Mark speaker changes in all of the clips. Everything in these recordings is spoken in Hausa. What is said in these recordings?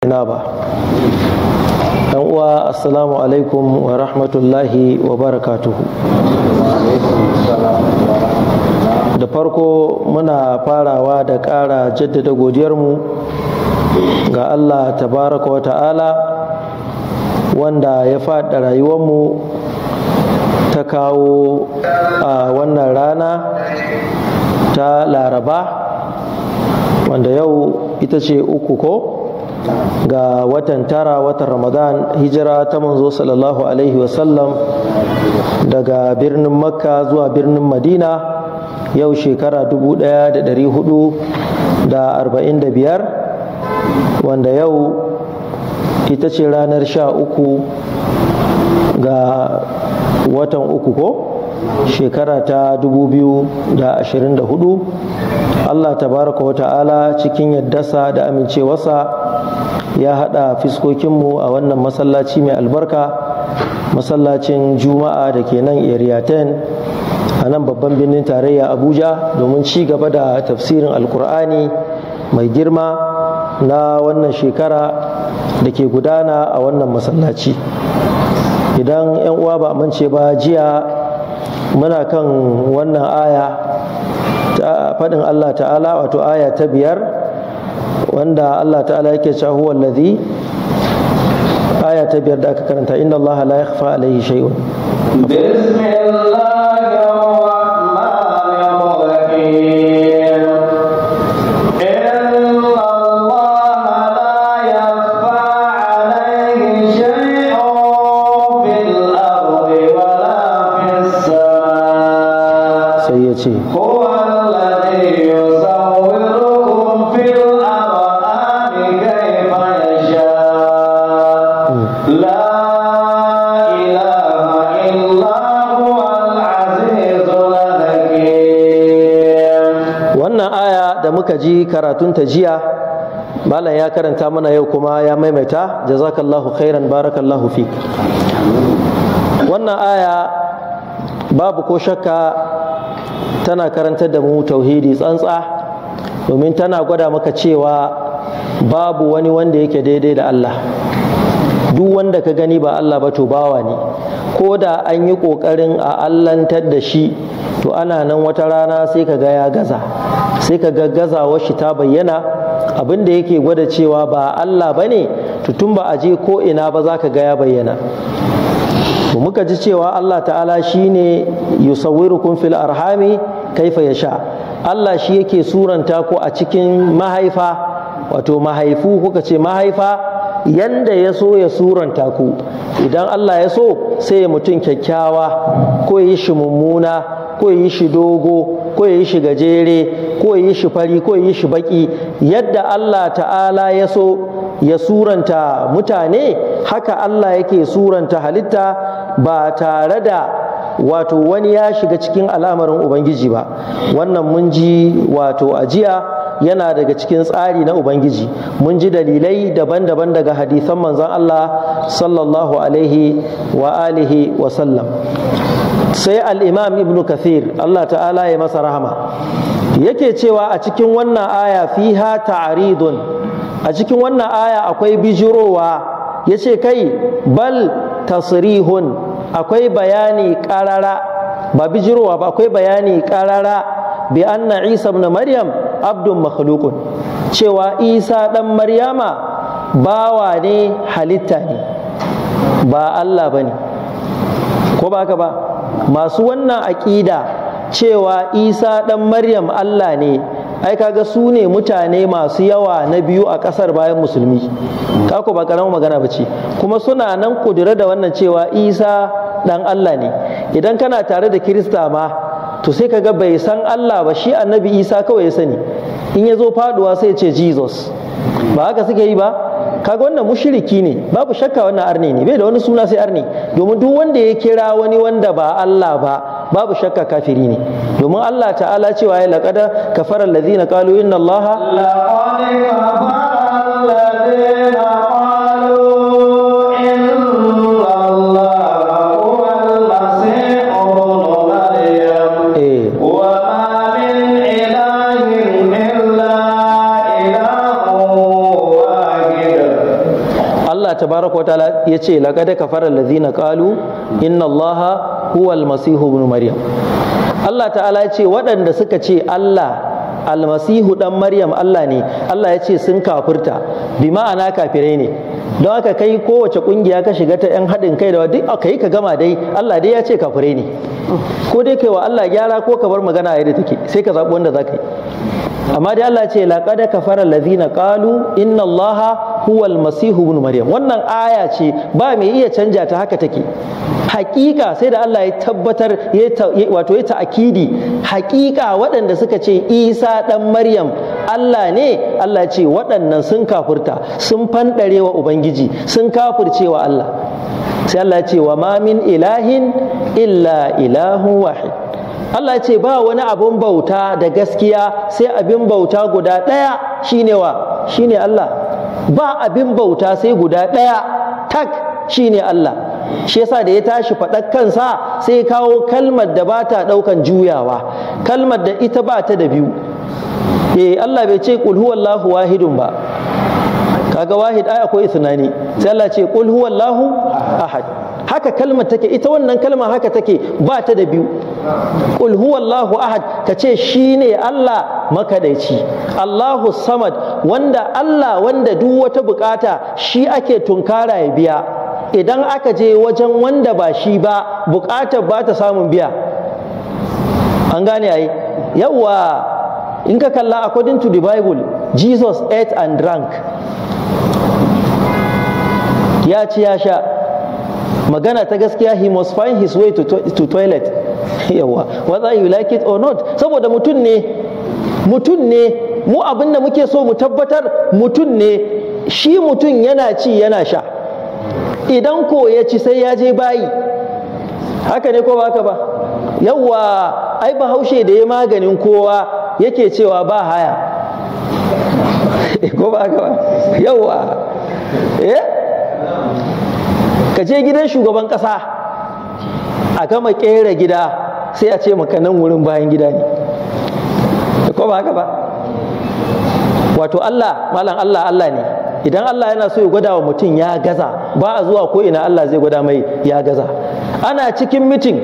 Speaker 1: ina ba ɗan uwa assalamu alaikum wa rahmatullahi wa barakatuhu da farko muna farawa da ƙara jaddada godiyarmu ga allah tabaraka wa ta'ala wanda ya faɗa mu ta kawo a wannan rana ta laraba wanda yau ita ce uku ko ga watan tara watan ramadan hijira ta manzo sallallahu alaihi wasallam daga birnin makka zuwa birnin madina yau shekara 1445 wanda yau ita ce ranar sha uku ga watan uku ko shekara ta 2024 Allah tabaraka wa ta'ala cikin yaddasa da amincewarsa ya haɗa fiskokinmu a wannan masallaci mai albarka masallacin juma'a da ke nan area 10 a nan babban birnin tarayya abuja domin ci gaba da tafsirin alkur'ani mai girma na wannan shekara da ke gudana a wannan masallaci idan 'yan uwa ba mance ba jiya muna kan wannan aya ta faɗin allah ta'ala wato aya ta biyar wanda Allah ta'ala yake cewa huwa allazi aya ta biyar da aka karanta inna Allah la yakhfa alaihi shay'un See. aka ji karatun ta jiya malam ya karanta mana yau kuma ya maimaita jazakallahu khairan barakallahu fi wannan aya babu ko shakka tana karantar da mu tauhidi tsantsa domin tana gwada maka cewa babu wani wanda yake daidai da Allah duk wanda ka gani ba Allah ba to bawa ne ko da an yi ƙoƙarin a allantar da shi to ana nan wata rana sai ka ga ya gaza sai ka gaggazawar shi ta bayyana abinda yake gwada cewa ba Allah ba ne tun ba a je ko ina ba za ka ga ya bayyana muka ji cewa Allah ta'ala shi shine yusawwirukum fil arhami kaifa ya sha Allah shi yake suranta ku a cikin mahaifa wato mahaifu kuka ce mahaifa yanda ya so ya suranta ku idan Allah ya so sai mutum kyakkyawa ko yi shi mummuna ko yi shi dogo ko yi shi gajere ko yi shi fari ko ya yi shi baki yadda Allah ta'ala ya so ya suranta mutane haka Allah yake suranta halitta ba tare da wato wani ya shiga cikin al'amarin ubangiji ba wannan mun ji wato ajiya yana daga cikin tsari na ubangiji mun ji dalilai daban-daban daga hadisan manzon Allah sallallahu alaihi wa alihi wa sallam sai al-imam ibn kathir Allah ta'ala ya masa rahama yake cewa a cikin wannan aya fiha ta'ridun a cikin wannan aya akwai bijirowa yace kai bal tasrihun akwai bayani karara ba bijirowa ba akwai bayani karara bi anna isa ibn maryam abdun makhluqun cewa isa dan maryama bawa ne halitta ne ba Allah bane ko ba ka ba masu wannan aƙida cewa isa dan maryam Allah ne ai kaga su ne mutane masu yawa na biyu a ƙasar bayan musulmi kako ba karamin magana ba ce kuma suna nan kudura da wannan cewa isa dan Allah ne idan kana tare da kirista ma to sai kaga bai san Allah ba shi annabi Isa kawai ya sani in ya zo faduwa sai ya ce Jesus ba haka suke yi ba kaga wannan mushriki ne babu shakka wannan arne ne bai da wani suna sai arne domin duk wanda ya kira wani wanda ba Allah ba babu shakka kafiri ne domin Allah ta'ala cewa ya laqad kafara allazina qalu inna Allah
Speaker 2: laqad kafara allazina
Speaker 1: tabaraka wa ta'ala ya ce laqad kafara allazina qalu inna allaha huwa almasihu ibn maryam Allah ta'ala ya ce waɗanda suka ce Allah almasihu dan maryam Allah ne Allah ya ce sun kafirta bi ma'ana kafirai ne don haka kai kowace ƙungiya ka shiga ta yan haɗin kai da duk kai ka gama dai Allah dai ya ce kafirai ne ko dai kai wa Allah gyara ko ka bar magana yadda take sai ka zaɓi wanda za ka yi amma dai Allah ce laqad kafara allazina qalu inna allaha huwal masihu ibn maryam wannan aya ce ba mai iya canja ta haka take hakika sai da Allah ya tabbatar wato ya ta'akidi hakika waɗanda suka ce isa ɗan maryam Allah ne Allah ce waɗannan sun kafurta sun wa ubangiji sun kafurcewa Allah sai Allah ya ce wa ma min ilahin illa ilahu wahid Allah ya ce ba wani abin bauta da gaskiya sai abin bauta guda ɗaya shine wa shine Allah ba abin bauta sai guda ɗaya tak shine Allah shi yasa da ya tashi faɗar kansa sai ya kawo kalmar da ba ta ɗaukan juyawa kalmar da ita ba ta da biyu eh Allah bai ce kul huwallahu wahidun ba kaga wahid ai akwai isnani sai Allah ce qul huwallahu ahad haka kalmar take ita wannan kalma haka take ba ta da biyu qul huwallahu ahad ka ce shine Allah makadaici Allahu samad wanda Allah wanda duk wata bukata shi ake tunkara ya biya idan aka je wajen wanda ba shi ba bukatar ba ta samun biya an gane ai yawwa in ka kalla according to the bible jesus ate and drank ya ci ya sha magana ta gaskiya he must find his way to, to, toilet yawa whether you like it or not saboda mutum ne mutum ne mu abinda muke so mu tabbatar mutum ne shi mutum yana ci yana sha idan ko ya ci sai ya je bayi haka ne ko ba haka ba yawa ai bahaushe da ya maganin kowa yake cewa ba haya ko ba haka ba yawa eh ka je gidan shugaban ƙasa a gama ƙera gida sai a ce maka nan wurin bayan gida ne da ko ba haka ba wato Allah malam Allah Allah ne idan Allah yana so ya gwada wa mutum ya gaza ba a zuwa ko ina Allah zai gwada mai ya gaza ana cikin mitin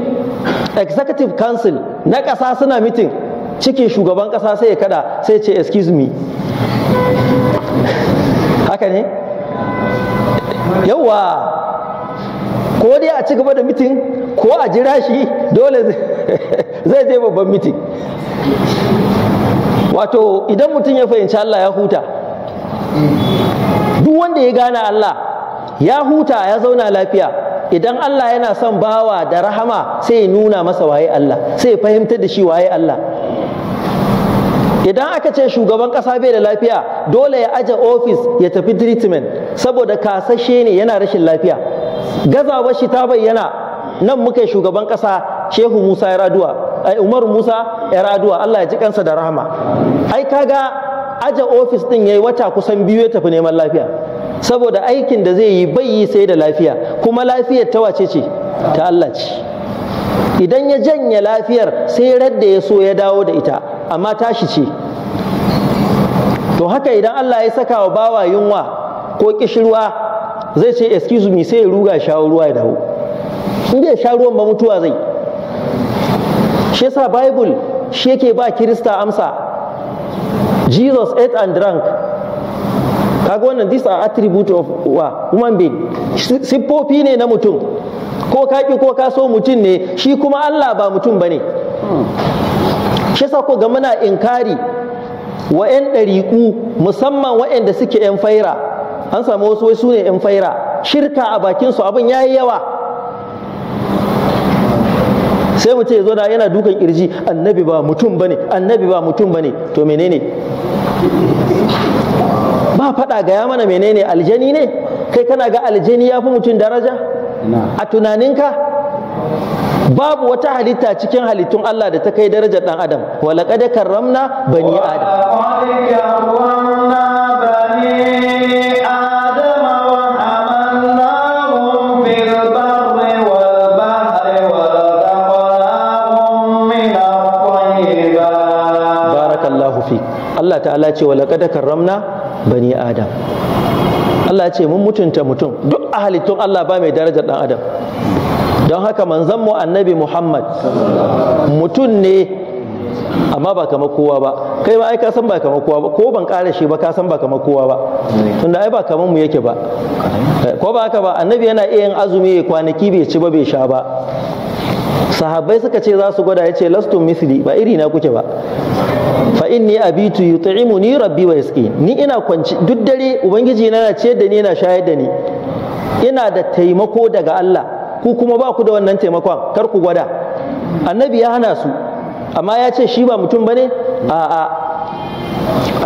Speaker 1: executive council na ƙasa suna mitin cikin shugaban ƙasa sai ya kada sai ce excuse me haka ne yauwa ko dai a ci gaba da mitin ko a jira shi dole zai je babban mitin wato idan mutum ya fahimci Allah ya huta duk wanda ya gane Allah ya huta ya zauna lafiya idan Allah yana son bawa da rahama sai ya nuna masa waye Allah sai ya fahimtar da shi waye Allah idan aka ce shugaban ƙasa bai da lafiya dole ya aje ofis ya tafi treatment saboda kasashe ne yana rashin lafiya Gaza ba shi ta bayyana nan muka yi shugaban ƙasa shehu musa ya raduwa ai umar musa ya raduwa allah ya ji kansa da rahama ai kaga aje ofis din yayi wata kusan biyu ya tafi neman lafiya saboda aikin da zai yi bai yi sai da lafiya kuma lafiyar ta wace ce ta allah ce idan ya janye lafiyar sai radda ya so ya dawo da ita amma tashi ce to haka idan Allah ya saka wa bawa yunwa ko kishirwa zai ce excuse me sai ya ruga shawo ruwa ya dawo in bai sha ruwan ba mutuwa zai shi yasa bible shi yake ba kirista amsa jesus ate and drank kaga wannan these are attribute of wa human being siffofi ne na mutum ko ka ko ka so mutum ne shi kuma allah ba mutum bane. shi sa ko ga muna inkari wa 'yan ɗariƙu musamman waɗanda suke 'yan faira an samu wasu wai ne 'yan faira shirka a bakinsu abin ya yi yawa sai mu ce zo da yana dukan kirji annabi ba mutum bane annabi ba mutum bane to menene ba faɗa gaya mana menene aljani ne kai kana ga aljani ya fi mutum daraja a tunaninka babu wata halitta cikin halittun Allah da ta kai darajar dan adam walaqad karramna bani adam Allah ta'ala ce walaqad karramna bani adam Allah ce mun mutunta mutum duk a halittun Allah ba mai darajar dan adam don haka manzan mu annabi Muhammad mutum ne amma ba kama kowa ba kai ma ai ka san ba kama kowa ba ko ban ƙara shi ba ka san ba kama kowa ba tunda ai ba kaman mu yake ba ko ba haka ba annabi yana iya yin azumi ya kwanaki bai ci ba bai sha ba sahabbai suka ce za su gwada ya ce lastun misli ba iri na kuke ba fa inni abitu yut'imuni rabbi wa yasqi ni ina kwanci duk dare ubangiji yana na ce da ni na shayar da ni ina da taimako daga Allah ku kuma ba ku da wannan taimakon kar ku gwada annabi ya hana su amma ya ce shi ba mutum bane a a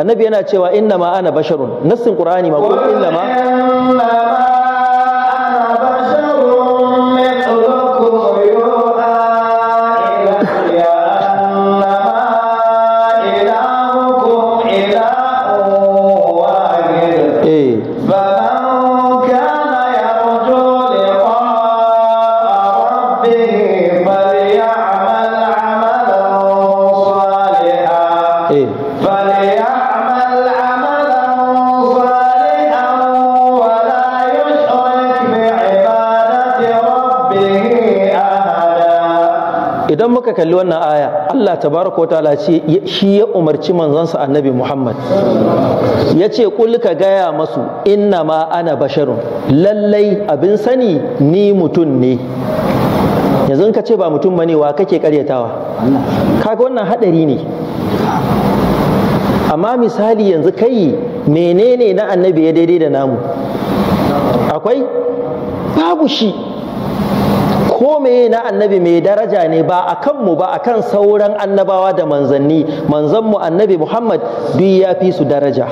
Speaker 1: annabi yana cewa inna ma ana basharun nassin qur'ani ma ko inna ma muka kalli wannan aya Allah tabaraka wataala ce shi ya umarci manzansa annabi Muhammad ya ce kul ka gaya masu inna ma ana basharun lallai abin sani ni mutum ne yanzu ka ce ba mutum bane wa kake karyatawa kaga wannan hadari ne amma misali yanzu kai menene na annabi ya daidai da namu akwai babu shi ko meye na annabi mai daraja ne ba a kanmu ba a kan sauran annabawa da manzanni manzanmu annabi muhammad duk ya fi su daraja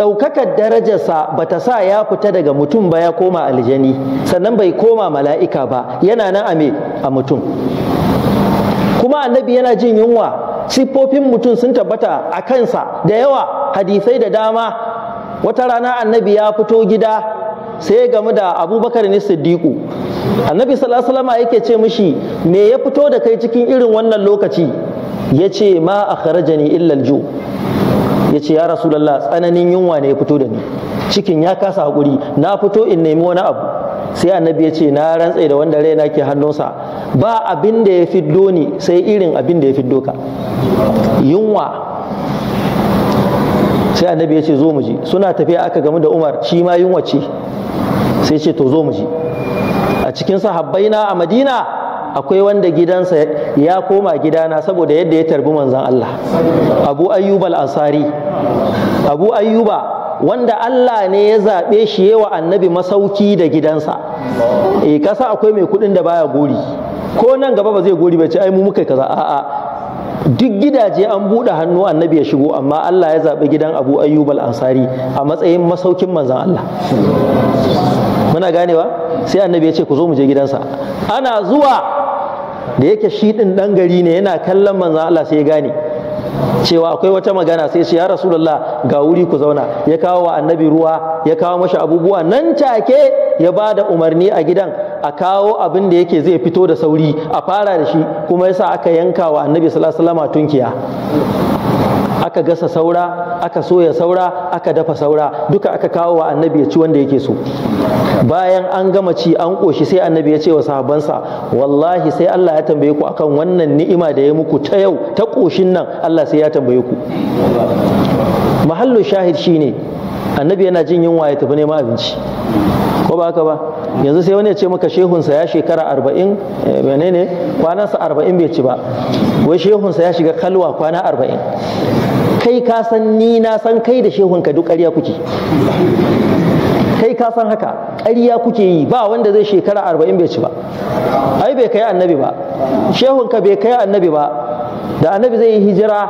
Speaker 1: ɗaukakar darajarsa ba ta sa ya fita daga mutum ba ya koma aljani sannan bai koma mala'ika ba yana nan a a mutum kuma annabi yana jin yunwa siffofin mutum sun tabbata a kansa da yawa hadisai da dama wata rana annabi ya fito gida sai game da abubakar ne siddiku annabi sallallahu alaihi yake ce mishi me ya fito da kai cikin irin wannan lokaci ya ce ma akhrajani illa alju ya ce ya rasulullah tsananin yunwa ne ya fito da ni cikin ya kasa hakuri na fito in nemi wani abu sai annabi ya ce na rantse da wanda raina ke hannunsa ba abin da ya fiddo ni sai irin abin da ya fiddo ka yunwa sai annabi ya ce zo mu ji suna tafiya aka gamu da umar shi ma yunwa ce sai ce to zo mu ji a cikin sahabbai na a madina akwai wanda gidansa ya koma gidana saboda yadda ya tarbi manzan Allah abu ayyuba al-ansari abu ayyuba wanda Allah ne ya zaɓe shi yawa annabi masauki da gidansa e eh, kasa akwai mai kuɗin da baya gori ko nan gaba ba zai gori ba ce ai mu muka kaza a'a duk gidaje an buɗe hannu annabi ya shigo amma Allah ya zaɓi gidan Abu Ayyub al-Ansari a matsayin masaukin manzon Allah muna ganewa sai annabi ya ce ku zo mu je gidansa ana zuwa da yake shi din dan gari ne yana kallon manzon Allah sai ya gane cewa akwai wata magana sai ce ya rasulullah ga wuri ku zauna ya kawo wa annabi ruwa ya kawo mashi abubuwa nan take ya ba da umarni a gidan a kawo abin da yake zai fito da sauri a fara da shi kuma yasa aka yanka wa annabi sallallahu alaihi wasallam tunkiya aka gasa saura aka soya saura aka dafa saura duka aka kawo wa annabi ya ci wanda yake so bayan an gama ci an koshi sai annabi ya ce wa sahabbansa wallahi sai Allah ya tambaye ku akan wannan ni'ima da ya muku ta yau ta koshin nan Allah sai ya tambaye ku mahallu shahid shine annabi yana jin yunwa ya tafi neman abinci ko ba haka ba yanzu sai wani ya ce maka shehunsa ya shekara arba'in eh, menene kwanansa arba'in bai ci ba wai shehunsa ya shiga kalwa kwana arba'in kai ka san ni na san kai da shehunka duk ƙarya kuke kai ka san haka ƙarya kuke yi ba wanda zai shekara arba'in bai ci ba ai bai kai annabi ba shehunka bai kai annabi ba da annabi zai yi hijira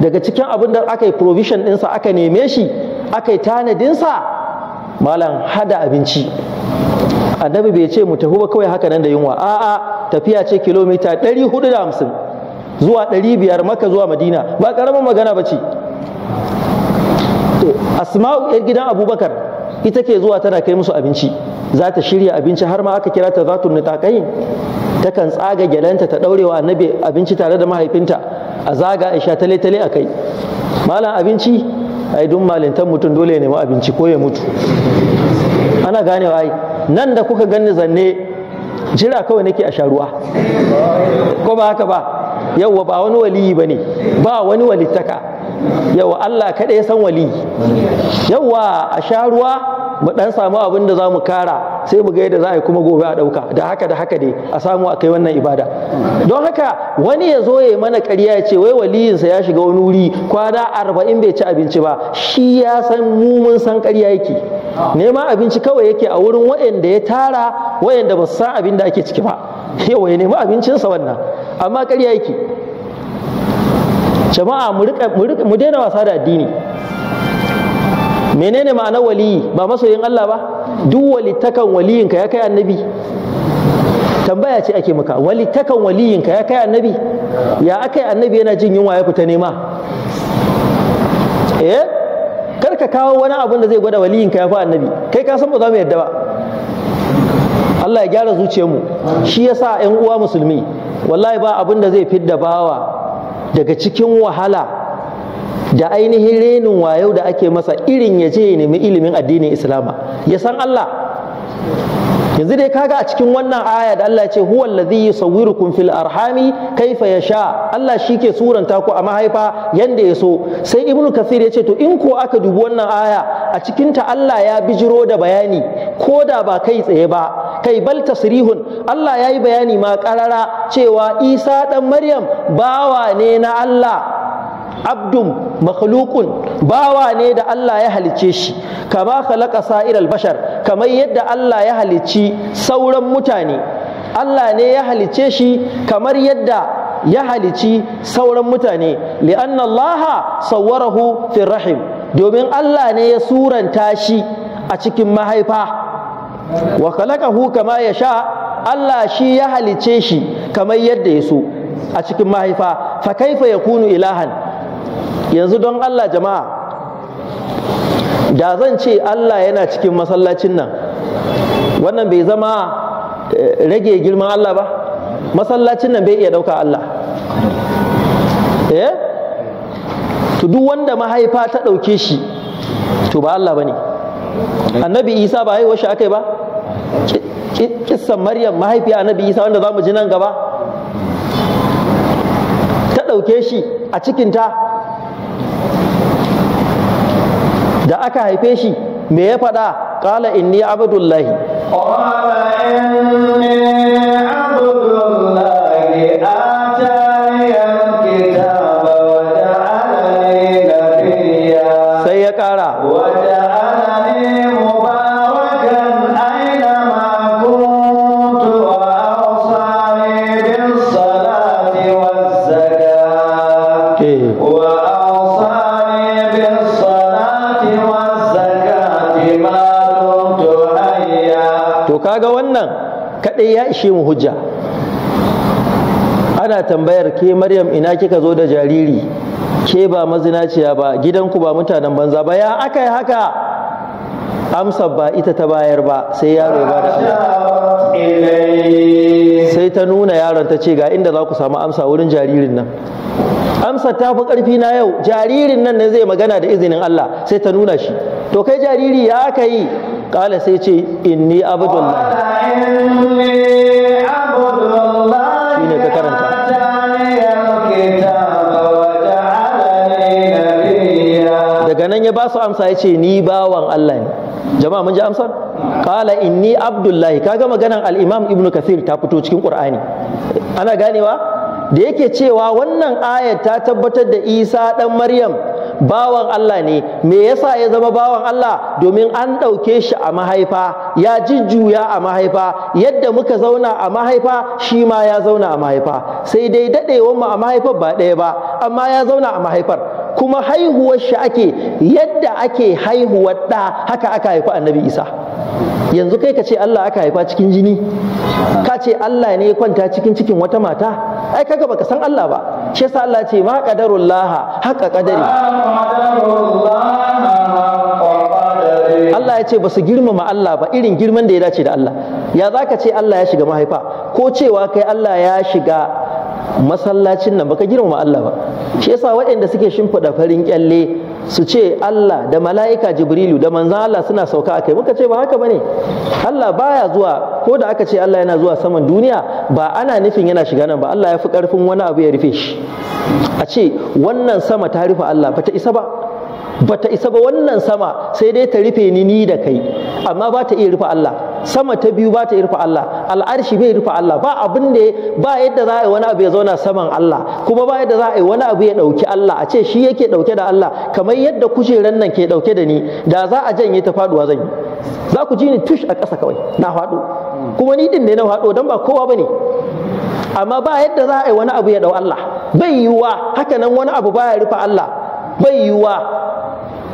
Speaker 1: daga cikin abin da aka yi provision ɗinsa aka neme shi aka yi tanadinsa malam hada abinci annabi bai ce mu tafi ba kawai haka nan da yunwa a'a tafiya ce kilomita 450 zuwa 500 maka zuwa madina ba karamin magana ba ce eh, asma'u yar gidan abubakar ita ke zuwa tana kai musu abinci za ta shirya abinci har ma aka kira ta zatun ta takan tsaga gyalanta ta ɗaurewa annabi abinci tare da mahaifinta a zaga a sha tale-tale a kai malam abinci ai duk malintan mutum dole ya nemi abinci ko ya mutu ana ganewa ai nan da kuka gani zanne jira kawai nake a sharuwa ko ba haka ba yawwa ba wani waliyi ba ne ba wani walittaka yawwa Allah kaɗai ya san waliyi yawwa a sharuwa mu dan samu abin da zamu kara sai mu ga yadda za a yi kuma gobe a ɗauka da haka da haka dai a samu a kai wannan ibada don haka wani ya zo ya mana ƙarya ya ce wai waliyin sa ya shiga wani wuri kwana arba'in bai ci abinci ba shi ya san mu mun san ƙarya yake neman abinci kawai yake a wurin waɗanda ya tara waɗanda ba su san abin da ake ciki ba yawa ya nemi abincinsa wannan amma ƙarya yake jama'a mu daina wasa da addini menene ma'anar waliyi ba masoyin Allah ba duk walittakan waliyinka ya kai annabi tambaya ce ake maka walittakan waliyinka ya kai annabi ya aka annabi yana jin yunwa ya fita nema eh kar ka kawo wani abun da zai gwada waliyinka ya fi annabi kai ka san ba za mu yadda ba Allah ya gyara zuciyarmu shi yasa ƴan uwa musulmi wallahi ba abun da zai fidda bawa daga cikin wahala da ainihin renin wayau da ake masa irin ya je ya nemi ilimin addinin islama ya san Allah yanzu dai kaga a cikin wannan aya da Allah ya ce huwa allazi yusawwirukum fil arhami kaifa yasha Allah shi ke suranta ku a mahaifa yanda ya so sai ibnu kasir ya ce to in ko aka dubi wannan aya a cikin ta Allah ya bijiro da bayani ko da ba kai tsaye ba kai bal tasrihun Allah ya yi bayani ma karara cewa Isa dan Maryam bawa ne na Allah abdun makhluqun bawa ne da Allah ya halice shi kama khalaqa sa'iral bashar kamar yadda Allah ya halici sauran mutane Allah ne ya halice shi kamar yadda ya halici sauran mutane li'anna Allah sawwarahu rahim domin Allah ne ya suranta shi a cikin mahaifa wa khalaqahu kama yasha Allah shi ya halice shi kamar yadda ya so a cikin mahaifa fa kaifa yakunu ilahan yanzu don Allah jama'a da zan ce Allah yana cikin masallacin nan wannan bai zama eh, rage girman Allah ba masallacin nan bai iya ɗauka Allah eh to duk wanda mahaifa ta ɗauke shi to ba Allah ba ne annabi isa ba haihuwar shi aka yi ba kissan maryam mahaifiya annabi isa wanda za mu ji nan gaba ta ɗauke shi a cikinta da aka haife shi me ya faɗa qala inni abdullahi kaɗai ya ishe mu hujja ana tambayar ke maryam ina kika zo da jariri ke ba mazinaciya ba gidanku ba mutanen banza ba ya aka yi haka amsa ba ita ta bayar ba sai yaro ba da sai ta nuna yaron ta ce ga inda za ku samu amsa wurin jaririn nan amsa ta fi ƙarfi na yau jaririn nan ne zai magana da izinin Allah sai ta nuna shi to kai jariri ya aka yi ƙala sai ce inni abdullahi nan ya ba su amsa ya ce ni bawan Allah ne jama'a mun ji amsar Kala inni abdullahi kaga maganan al-imam ibn kathir ta fito cikin qur'ani ana ganewa da yake cewa wannan ayat ta tabbatar da isa ɗan maryam bawan Allah ne me yasa ya zama bawan Allah domin an ɗauke shi a mahaifa ya jujjuya a mahaifa yadda muka zauna a mahaifa shi ma ya zauna a mahaifa sai dai daɗewan mu a mahaifar ba ɗaya ba amma ya zauna a mahaifar kuma haihuwar shi ake yadda ake haihuwar ɗa haka aka haifa annabi isa yanzu kai ka ce Allah aka haifa cikin jini ka ce Allah ne ya kwanta cikin cikin wata mata ai kaga baka san Allah ba shi yasa Allah ce ma qadarullah haqa qadari Allah ya ce ba su girmama Allah ba irin girman da ya dace da Allah ya zaka ce Allah ya shiga mahaifa ko cewa kai Allah ya shiga masallacin nan baka girmama Allah ba shi yasa waɗanda suke shimfiɗa farin kyalle su ce Allah da mala'ika Jibrilu da manzan Allah suna sauka akai muka ce ba haka bane Allah baya zuwa ko da aka ce Allah yana zuwa saman duniya ba ana nufin yana shiga nan ba Allah ya fi karfin wani abu ya rufe shi a ce wannan sama ta rufe Allah ba ta isa ba Ba ta isa ba wannan sama sai dai ta rufe ni ni da kai amma ba ta iya rufe Allah sama ta biyu ba ta rufe Allah al'arshi bai rufe Allah ba abin da ba yadda za a yi wani abu ya zauna saman Allah kuma ba yadda za a yi wani abu ya ɗauki Allah a ce shi yake ɗauke da Allah kamar yadda kujeran nan ke ɗauke da ni da za a janye ta faɗuwa zan yi za ku ji ni tush a ƙasa kawai na faɗo kuma ni din ne na faɗo dan ba kowa ba ne amma ba yadda za a yi wani abu ya ɗau Allah bai yiwuwa haka nan wani abu baya rufe Allah bai yiwuwa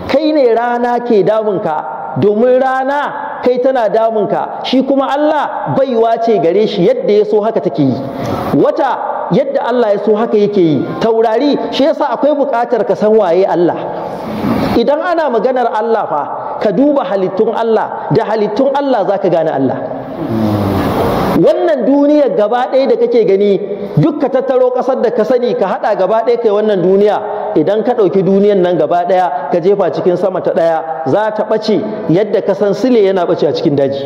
Speaker 1: kai ne rana ke damunka domin rana kai tana damun ka, shi kuma Allah baiwa ce gare shi yadda ya so haka take yi wata yadda Allah ya so haka yake yi taurari shi yasa akwai buƙatar ka san waye Allah idan ana maganar Allah fa ka duba halittun Allah da halittun Allah zaka gane Allah wannan duniyar gaba ɗaya da kake gani duk ka tattaro ƙasar da ka sani ka haɗa gaba ɗaya kai wannan duniya idan ka ɗauki duniyar nan gaba ɗaya ka jefa cikin sama ta ɗaya za ta ɓace yadda ka san sile yana ɓace a cikin daji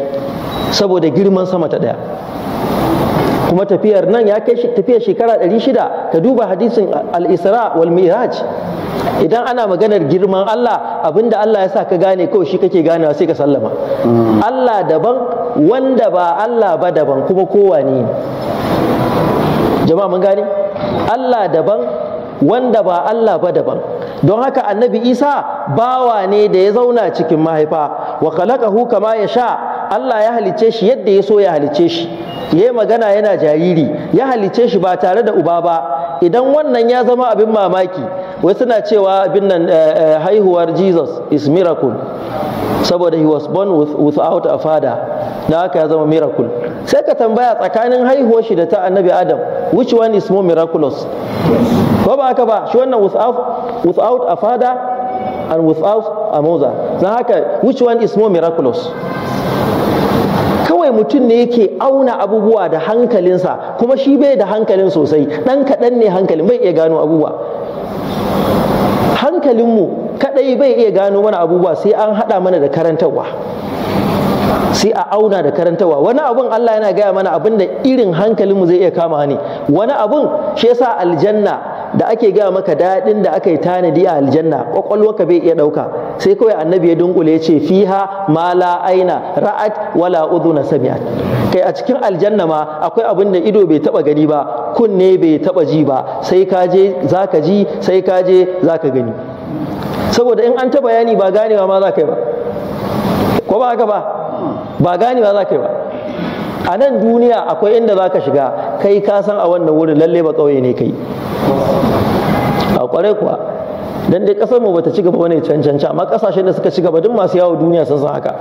Speaker 1: saboda girman sama ta ɗaya kuma tafiyar nan ya kai tafiyar shekara 600 ka duba hadisin al-isra wal miraj idan ana maganar girman Allah abinda Allah ya sa ka gane kawai shi kake ganewa sai ka sallama hmm. Allah daban wanda ba Allah ba daban kuma kowa ne jama'a mun gane Allah daban wanda ba Allah ba daban don haka annabi Isa bawa ne da ya zauna cikin mahaifa wa khalaqahu kama yasha Allah ya halicce shi yadda ya so ya halicce shi ya magana yana jariri ya halicce shi ba tare da uba ba idan wannan ya zama abin mamaki wai suna cewa abin nan eh, eh, haihuwar jesus is miracle saboda he was born without a father na haka ya zama miracle sai ka tambaya tsakanin haihuwar shi da ta annabi adam which one is more miraculous ko ba haka ba shi wannan without a father and without a mother na haka which one is more miraculous kawai mutum ne yake auna abubuwa da hankalinsa kuma shi bai da hankalin sosai ɗan kaɗan ne hankalin bai iya gano abubuwa hankalinmu kaɗai bai iya gano mana abubuwa sai an haɗa mana da karantarwa sai a auna da karantarwa wani abun Allah yana gaya mana abin da irin hankalinmu zai iya kama ne wani abun shi yasa aljanna da ake gaya maka daɗin da aka yi tanadi a aljanna ka bai iya ɗauka sai kawai annabi ya dunkule ya ce fiha ma la aina ra'at wala udhuna sami'at kai a cikin aljanna ma akwai abin da ido bai taba gani ba kunne bai taba ji ba sai ka je zaka ji sai ka je zaka gani saboda in an ta bayani ba ganewa ma za ka yi ba ko ba haka ba ba ganewa za ka yi ba a nan duniya akwai inda za ka shiga kai ka san a wannan wurin lalle ba ƙauye ne kai a ƙwarai kuwa don dai ƙasar mu bata ci gaba wani cancanci amma ƙasashen da suka ci gaba duk masu yawo duniya sun san haka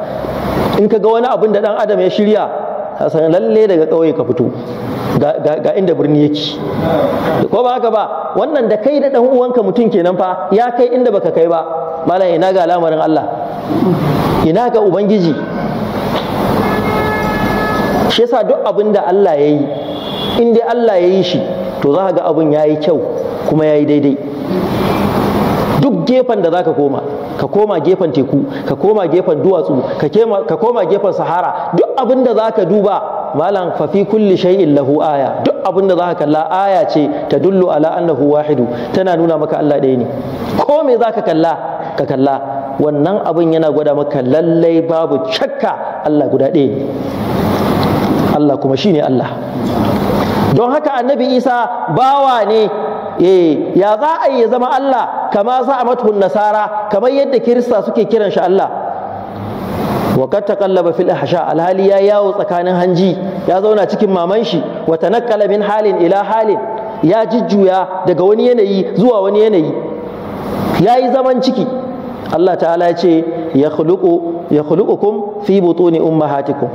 Speaker 1: in ka ga wani abin da dan adam ya shirya san lalle daga kauye ka fito ga inda birni yake ko ba haka ba wannan da kai da dan uwanka mutum kenan fa ya kai inda baka kai ba malam ina ga lamarin Allah ina ga ubangiji shi yasa duk abin da Allah ya yi in dai Allah ya yi shi to za ka ga abin ya yi kyau kuma ya yi daidai duk gefen da za ka koma ka koma gefen teku ka koma gefen duwatsu ka koma gefen sahara duk abin da za ka duba malam fafi kulli shay'in lahu aya duk abin da za ka kalla aya ce ta dullu ala annahu wahidu tana nuna maka Allah ɗaya ne ko me za ka kalla ka kalla wannan abin yana gwada maka lallai babu shakka Allah guda ɗaya ne Allah kuma shine Allah don haka annabi isa bawa ne eh, ya za a yi zama Allah kama za a matuhun nasara kamar yadda kirista suke kiran shi Allah wakar taƙallaba ba fil hasha alhali ya yawo tsakanin hanji ya zauna cikin maman shi wata min halin ila halin ya jujjuya daga wani yanayi zuwa wani yanayi ya yi zaman ciki Allah ta'ala ya ce ya kum fi butuni ummahatikum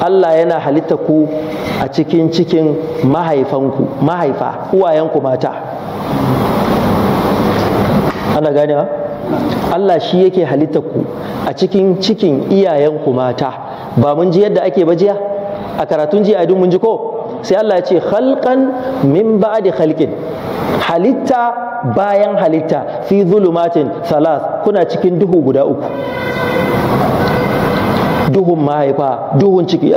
Speaker 1: Allah yana halitta ku a cikin cikin mahaifanku mahaifa uwayenku mata ana ganewa Allah shi yake halitta ku a cikin cikin iyayenku mata ba mun ji yadda ake bajiya a karatun ji a mun ji ko sai Allah ya ce khalqan min ba'di khalqin halitta bayan halitta fi zulumatin salas kuna cikin duhu guda uku duhun mahaifa duhun ciki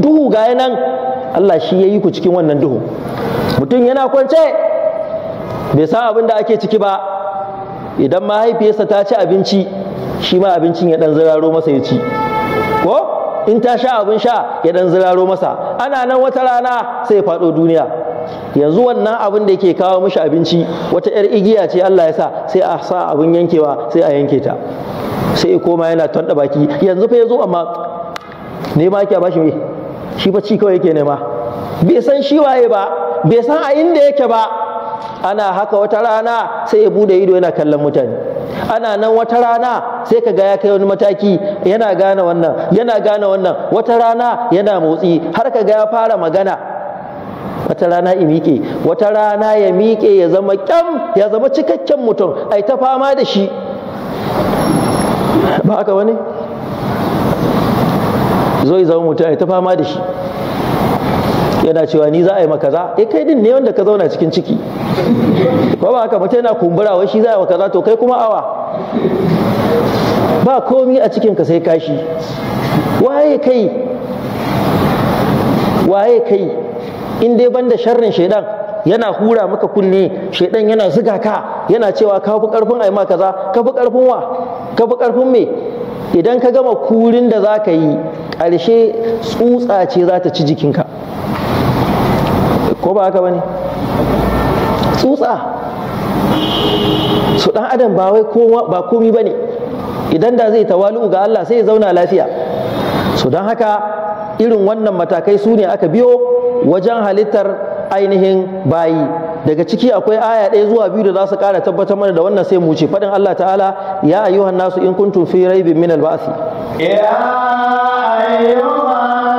Speaker 1: duhu ga nan Allah shi ya yi ku cikin wannan duhu mutum yana kwance bai san abin da ake ciki ba idan mahaifiyarsa ta ci abinci shi ma abincin ya dan ziraro masa ya ci ko in ta sha abin sha ya dan ziraro masa ana nan wata rana sai ya faɗo duniya yanzu wannan abin da yake kawo mishi abinci wata 'yar igiya ce Allah ya sa sai a sa abin yankewa sai a yanke ta sai ya koma yana tonda baki yanzu fa yazo zo amma nema yake bashi me shi fa ci kawai yake nema bai san shi waye ba bai san a inda yake ba ana haka wata rana sai ya bude ido yana kallon mutane ana nan wata rana sai ka ga ya kai wani mataki yana gane wannan yana gane wannan wata rana yana motsi har ka ga ya fara magana wata rana ya miƙe wata rana ya miƙe ya zama kyam ya zama cikakken mutum ai ta fama da shi ba haka wani zo yi zama mutum ya ta fama da shi yana cewa ni za a yi maka za E, eh, kai din ne wanda ka zauna cikin ciki ko ba haka mutum yana kumbura wai shi za a yi maka za to kai kuma awa ba komi a cikin ka sai kashi waye kai waye kai in dai banda sharrin shaidan yana hura maka kunne shaidan yana zuga ka yana cewa ka fi karfin a yi maka za ka fi karfin wa ka fi ƙarfin me idan ka gama kurin da za ka yi ƙarshe tsutsa ce za ta ci jikinka ko ba haka ba ne tsutsa su ɗan adam ba wai ba komi ba ne idan da zai tawalu ga Allah sai ya zauna lafiya su don haka irin wannan matakai su ne aka biyo wajen halittar ainihin bayi daga ciki akwai aya ɗaya zuwa biyu da za su ƙara tabbatar mana da wannan sai mu ce faɗin Allah ta'ala ya ayyuhan nasu in kuntum fi raibin min al-ba'thi
Speaker 2: ya ayyuhan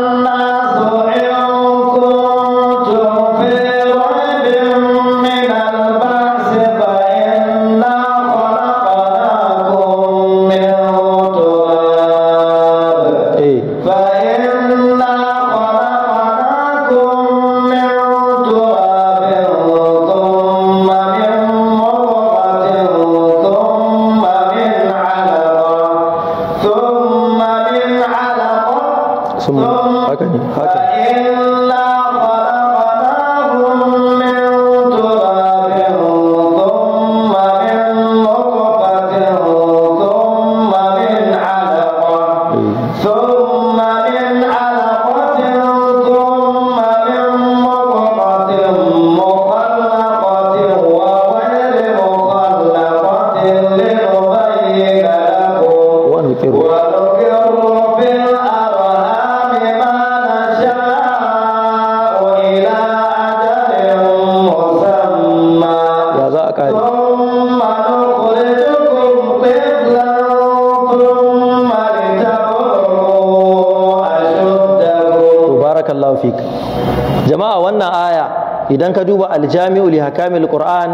Speaker 1: idan ka duba aljami'u li hakamil qur'an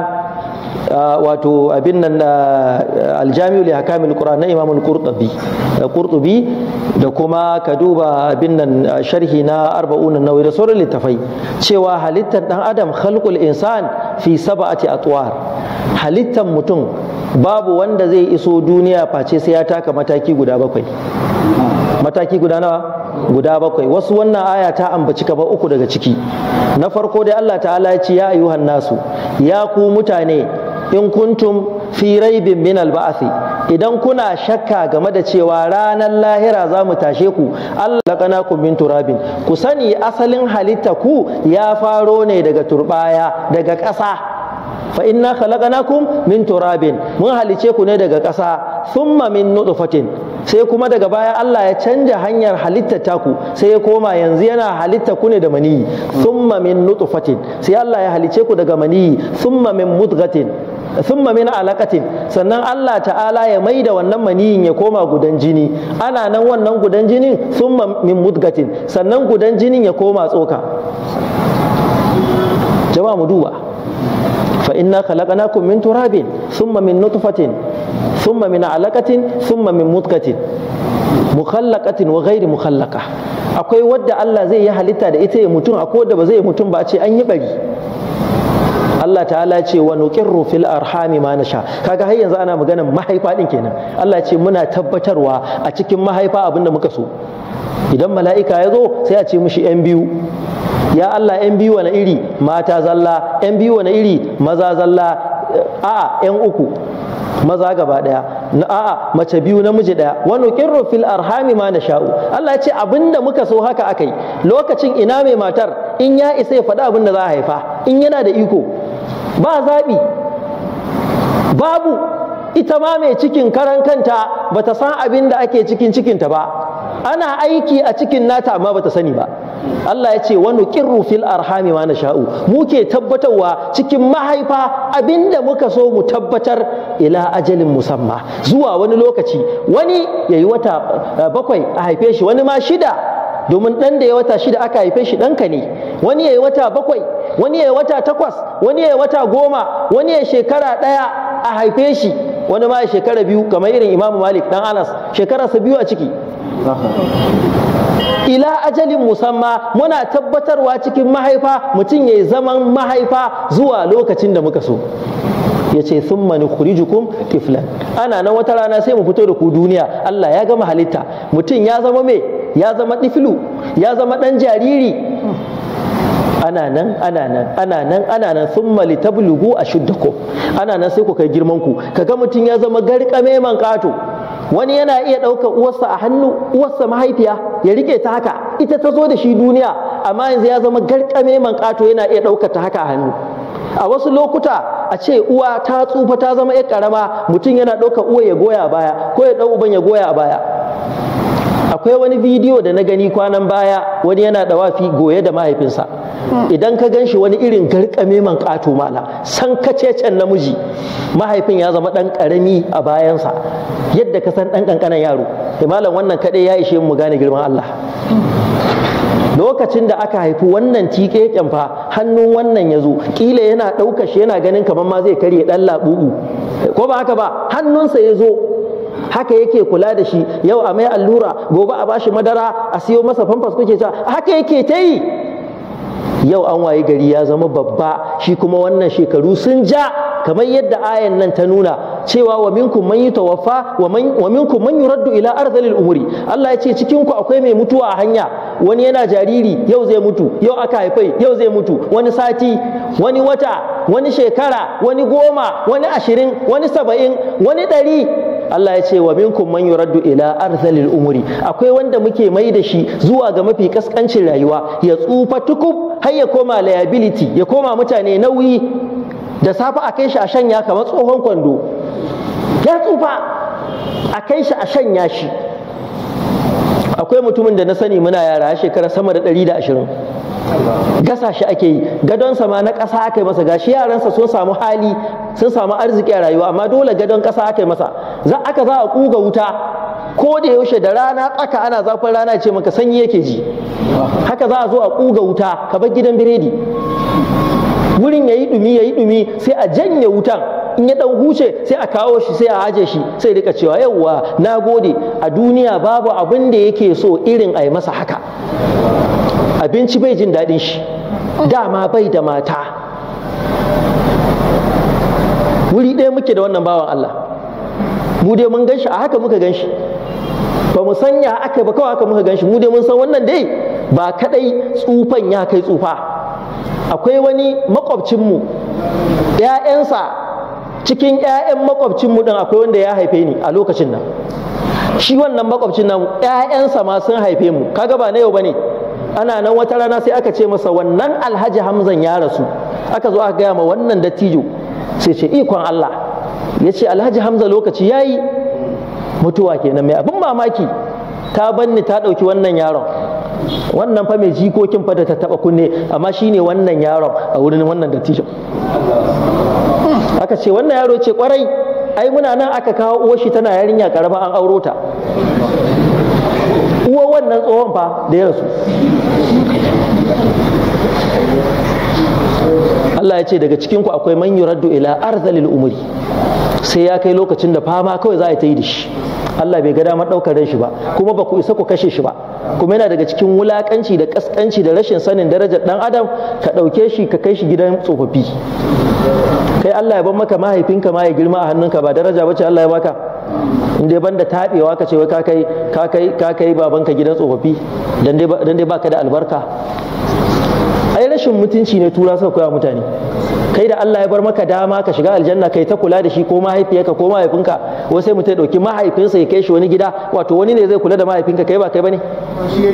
Speaker 1: uh, wato abin nan uh, uh, aljami'u li hakamil qur'an na imam al-qurtubi qurtubi da kuma ka duba abin nan sharhi na arba'un nawawi da sauran littafai cewa halittar dan adam khalqul insan fi sab'ati atwar halittar mutum babu wanda zai iso duniya face sai ya taka mataki guda bakwai mataki guda nawa guda bakwai wasu wannan aya ta ambaci kaba uku daga ciki na farko dai Allah ta'ala ya ce ya ayyuhan nasu ya ku mutane in kuntum fi raibin min al idan kuna shakka game da cewa ranar lahira za mu tashe ku Allah laƙana ku min turabin ku sani asalin halitta ku ya faro ne daga turbaya daga ƙasa fa inna khalaqnakum min turabin mun halice ku ne daga ƙasa thumma min nutfatin sai kuma daga baya Allah ya canja hanyar halittar taku sai ya koma yanzu yana halitta ku ne da maniyi thumma min nutfatin sai Allah ya halice ku daga maniyi thumma min mudghatin thumma min alaqatin sannan Allah ta'ala ya mai da wannan maniyin ya koma gudan jini ana nan wannan gudan jinin thumma min mudghatin sannan gudan jinin ya koma tsoka jama'a mu duba fa inna khalaqnakum min turabin thumma min nutfatin ثم من alaqatin ثم من mutqatin مخلقة وغير مخلقة akwai wadda Allah zai yi halitta da ita ya mutum akwai wadda ba zai yi mutum ba a ce an yi bari Allah ta'ala ce wa nuqirru fil arhami ma nasha kaga har yanzu ana magana mahaifa din kenan Allah ce muna tabbatarwa a cikin mahaifa abinda muka so idan mala'ika ya zo sai a ce mishi yan biyu ya Allah yan biyu wani iri mata zalla yan biyu wani iri maza zalla a'a yan uku maza gaba daya na a'a mace biyu namiji daya wani nuqirru fil arhami ma nasha'u Allah ya ce abinda muka so haka akai lokacin ina mai matar in ya isa ya faɗa abin da za a haifa in yana da iko ba zaɓi babu ita ma mai cikin karan kanta bata san abin da ake cikin cikinta ba ana aiki a cikin nata amma bata sani ba Allah ya ce wani kirru fil arhami ma na sha'u muke tabbatarwa cikin mahaifa abinda muka so mu tabbatar ila ajalin musamma zuwa wani lokaci wani yayi wata eh, bakwai a haife shi wani ma shida domin dan da ya wata shida aka haife shi ɗanka ne wani yayi wata bakwai wani yayi wata takwas wani yayi wata goma wani ya shekara ɗaya a haife shi wani ma shekara biyu kamar irin Imam Malik dan Anas shekararsa biyu a ciki ila ajalin musamma muna tabbatarwa cikin mahaifa mutum ya zaman mahaifa zuwa lokacin da muka so ya ce sun mani kurijukum tiflan ana nan wata rana sai mu fito da ku duniya Allah ya gama halitta mutum ya zama me ya zama tiflu ya zama dan jariri ana nan ana nan ana nan ana nan sun mali tablugu a shuddakum ana nan sai ku kai girman ku kaga mutum ya zama garkame man kato wani yana iya ɗaukar uwarsa a hannu uwarsa mahaifiya ya rike ta haka ita ta zo da shi duniya amma yanzu ya zama garƙame man ƙato yana iya ɗaukar ta haka a hannu a wasu lokuta a ce uwa ta tsufa ta zama ya karama mutum yana ɗaukar uwa ya goya baya ko ya ɗau uban ya goya baya akwai wani bidiyo da na gani kwanan baya wani yana ɗawafi goye da mahaifinsa idan ka gan shi wani irin garkame man ƙato mala san kacecen namiji mahaifin ya zama ɗan ƙarami a bayansa yadda ka san ɗan ƙanƙanan yaro eh, malam wannan kaɗai ya ishe mu gane girman Allah lokacin da aka haifi wannan tike fa hannun wannan ya zo ƙila yana ɗauka shi yana ganin kamar ma zai karye ɗan laɓuɓu ko ba haka ba hannunsa ya zo haka yake kula da shi yau a mai allura gobe a bashi madara a siyo masa famfas kuke cewa haka yake ta yi yau an wayi gari ya zama babba shi kuma wannan shekaru sun ja kamar yadda ayan nan ta nuna cewa wa minkum man yutawaffa wa minkum man yuraddu ila ardhil umri Allah ya ce cikin ku akwai mai mutuwa a hanya wani yana jariri yau zai mutu yau aka haifai yau zai mutu wani sati wani wata wani shekara wani goma wani ashirin wani saba'in wani ɗari Allah ya ce wa minkum man yuraddu ila arzalil umuri akwai wanda muke mai da shi zuwa ga mafi kaskancin rayuwa ya tsufa tukub har ya koma liability ya koma mutane nauyi da safe a kai shi a shanya kamar tsohon kwando ya tsufa a kai shi a shanya shi akwai mutumin da na sani muna yara shekara sama da ɗari da ashirin gasa shi ake yi gadonsa ma na ƙasa aka yi masa gashi yaransa sun samu hali sun samu arziki a rayuwa amma dole gadon ƙasa aka yi masa za aka za a ƙuga wuta ko da yaushe da rana tsaka ana zafin rana ce maka sanyi yake ji haka za a zo a ƙuga wuta ka bar gidan biredi wurin yayi dumi yayi ɗumi, sai a janye wutan in ya dan huce sai a kawo shi sai a aje shi sai rika cewa yauwa na gode a duniya babu abin da yake so irin a yi masa haka abinci bai jin daɗin shi dama bai da mata wuri ɗaya muke da wannan bawan Allah mu dai mun gan shi a haka muka gan shi ba mu san ya aka ba kawai aka muka ganshi mu dai mun san wannan dai ba kadai tsufan ya kai tsufa akwai wani makwabcinmu ‘ya'yansa cikin ‘ya'yan makwabcinmu ɗin akwai wanda ya haife ni a lokacin nan shi wannan makwabcin nan ‘ya'yansa ma sun haife mu kaga ba na yau ba ne ana nan wata rana sai aka ce masa wannan alhaji hamzan ya rasu aka zo aka gaya ma wannan dattijo sai ce ikon allah ya ce alhaji hamza lokaci ya yi mutuwa kenan mai abin mamaki ta banni ta ɗauki wannan yaron wannan fa mai jikokin fa da ta taɓa kunne amma shine wannan yaron a wurin wannan dattijan aka ce wannan yaro ce kwarai ai muna nan aka kawo uwar shi tana yarinya karama an auro ta uwa wannan tsohon fa da ya rasu Allah ya ce daga cikin ku akwai man yuraddu ila arzalil umri sai ya kai lokacin da fama kawai za a yi ta yi da shi Allah bai ga damar ɗaukar ran shi ba kuma ba ku isa ku kashe shi ba kuma yana daga cikin wulakanci da kaskanci da rashin sanin darajar dan adam ka ɗauke shi ka kai shi gidan tsofaffi kai Allah ya ban maka mahaifinka ma ya girma a hannunka ba daraja bace Allah ya baka in dai banda taɓewa ka ce wai ka kai ka ka babanka gidan tsofaffi dan dai dan dai baka da albarka ai rashin mutunci ne tura suka koya mutane kai da Allah ya bar maka dama ka shiga aljanna kai ta kula da shi ko mahaifiyarka ko mahaifinka wai sai mutum ya dauki mahaifinsa ya kai shi wani gida wato wani ne zai kula da mahaifinka kai ba kai bane shi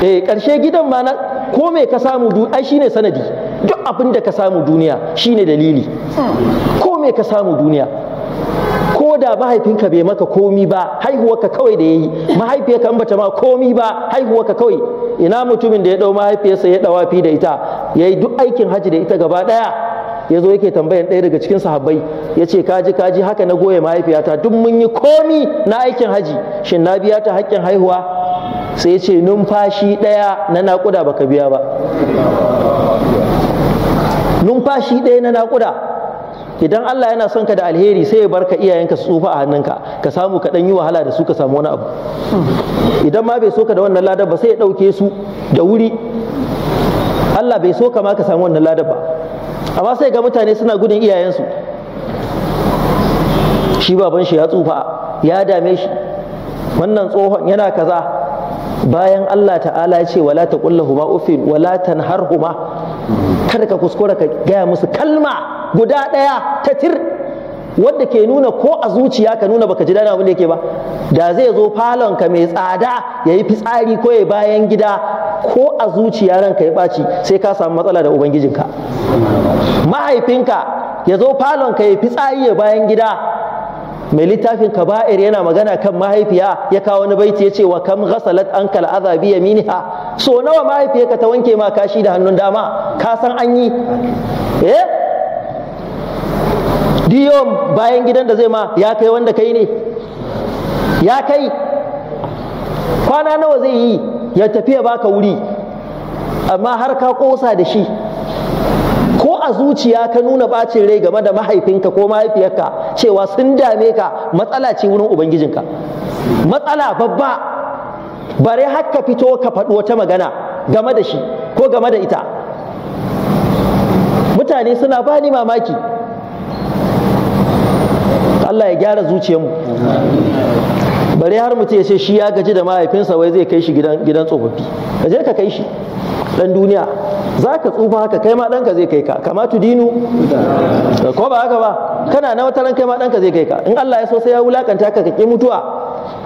Speaker 1: eh karshe gidan ma na ko me ka samu ai shine sanadi duk abin da ka samu duniya shine dalili hmm. ko me ka samu duniya ko da mahaifinka bai maka komi ba haihuwarka kawai da yayi mahaifiyarka in bata ma komi ba haihuwarka kawai ina mutumin da ya dau mahaifiyarsa ya fi da ita yayi duk aikin haji da ita gaba daya ya zo yake tambayan ɗaya daga cikin sahabbai ya ce kaji kaji haka na goye mahaifiyata duk mun yi komi na aikin haji shin na biya ta haƙƙin haihuwa sai ya ce numfashi ɗaya na naƙuda baka biya ba numfashi ɗaya na naƙuda idan Allah yana son ka da alheri sai ya barka iyayenka su tsufa a hannunka ka samu ka dan yi wahala da su ka samu wani abu idan ma bai so ka da wannan ladar ba sai ya dauke su da wuri Allah bai so ka ma ka samu wannan ladar ba amma sai ga mutane suna gudun iyayensu shi baban shi ya tsufa ya dame shi wannan tsohon yana kaza bayan Allah ta'ala ya ce wala huma ufin wala tanharhuma kada ka kuskura ka gaya musu kalma guda daya ta tir wadda ke nuna ko a zuciya ka nuna baka ji dana abin da yake ba da zai zo falon ka mai tsada yayi fitsari ko ya bayan gida ko a zuciya ranka ya baci sai ka samu matsala da ubangijinka mahaifinka ya zo falon ka ya fitsari ya bayan gida mai littafin kaba'ir yana magana kan mahaifiya ya kawo wani baiti ya ce wa kam ghasalat ankal azabi yaminha so nawa mahaifiyarka ta wanke ma kashi da hannun dama ka san an yi eh diyo bayan gidan da zai ma ya kai wanda kai ne ya kai kwana nawa zai yi ya tafi ya baka wuri amma har ka kosa da shi ko a zuciya ka nuna bacin rai game da mahaifinka ko mahaifiyarka cewa sun dame ka matsala ce wurin ubangijinka matsala babba bare haka fito ka faɗi wata magana game da shi ko game da ita mutane suna bani mamaki Allah ya gyara zuciyarmu bare har mutum ya ce shi ya gaji da mahaifinsa wai zai kai shi gidan tsofaffi ka je ka kai shi dan duniya za ka tsufa haka kai ma ɗanka zai kai ka kama tu dinu ko ba haka ba kana na wataran kai ma ɗanka zai kai ka in Allah ya so sai ya wulakanta ka ka ki mutuwa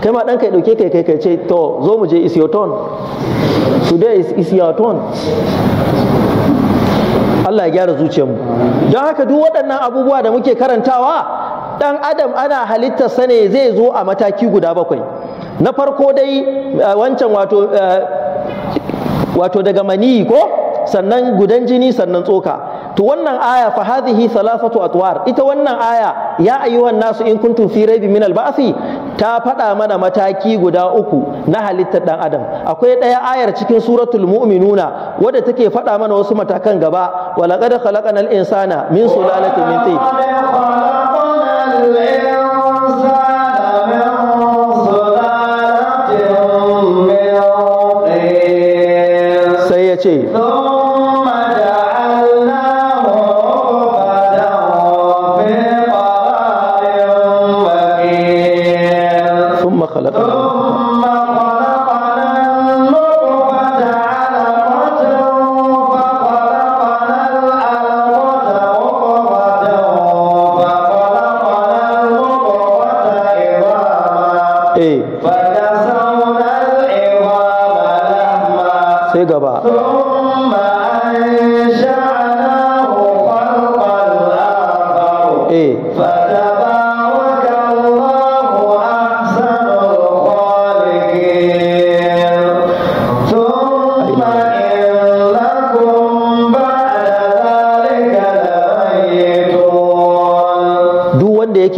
Speaker 1: kai ma ɗanka ya ɗauke kai kai kai ce to zo mu je is your turn today is, is your turn Allah ya gyara zuciyarmu don haka duk waɗannan abubuwa da muke karantawa ɗan adam ana halitta ne zai zo a mataki guda bakwai na farko dai eh, wancan wato eh, wato daga mani ko sannan gudan jini sannan tsoka to wannan aya fa hadhihi thalathatu atwar ita wannan aya ya ayyuhan nasu in kuntum fi raibin min al ta faɗa mana mataki guda uku na halittar ɗan adam akwai ɗaya ayar cikin suratul mu'minuna wadda take faɗa mana wasu matakan gaba Wa laqad khalaqnal insana min sulalatin min tin ya ce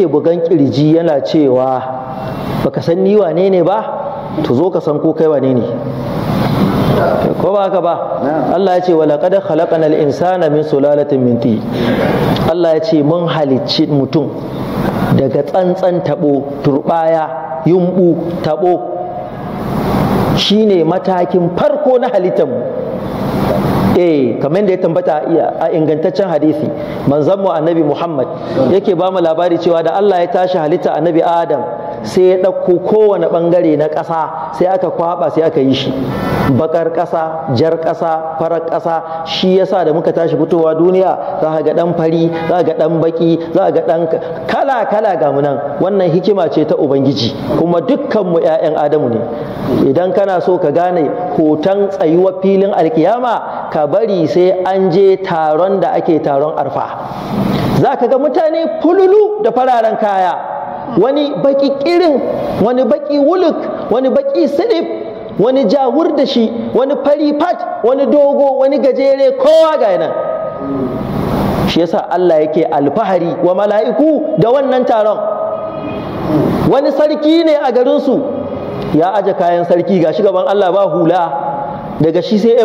Speaker 1: yake bugan kirji yana cewa baka san ni wane ne ba to zo ka san ko kai wane ne ko ba haka ba Allah ya ce wa laqad khalaqnal insana min sulalatin min tin Allah ya ce mun halicci mutum daga tsantsan tabo turbaya yumbu tabo shine matakin farko na halittar mu eh kamar da ya tambata a ingantaccen hadisi manzon mu annabi Muhammad yake ba mu labari cewa da Allah ya tashi halitta annabi Adam sai ya ɗauko kowane ɓangare na ƙasa sai aka kwaɓa sai aka yi shi Baƙar ƙasa jar ƙasa farar ƙasa shi yasa da muka tashi fitowa duniya za ga ɗan fari za ga ɗan baƙi, za ga ɗan kala kala ga mu nan wannan hikima ce ta ubangiji kuma dukkan mu 'ya'yan adamu ne idan kana so ka gane hoton tsayuwar filin alkiyama ka bari sai an je taron da ake taron arfa za ka ga mutane fululu da fararen kaya wani baki kirin wani baki wuluk wani baki sidif wani jawur da shi wani fari fat wani dogo wani gajere kowa ga yana shi yasa Allah yake alfahari wa mala'iku da wannan taron wani sarki ne a garinsu ya aje kayan sarki ga shi gaban Allah ba hula daga shi sai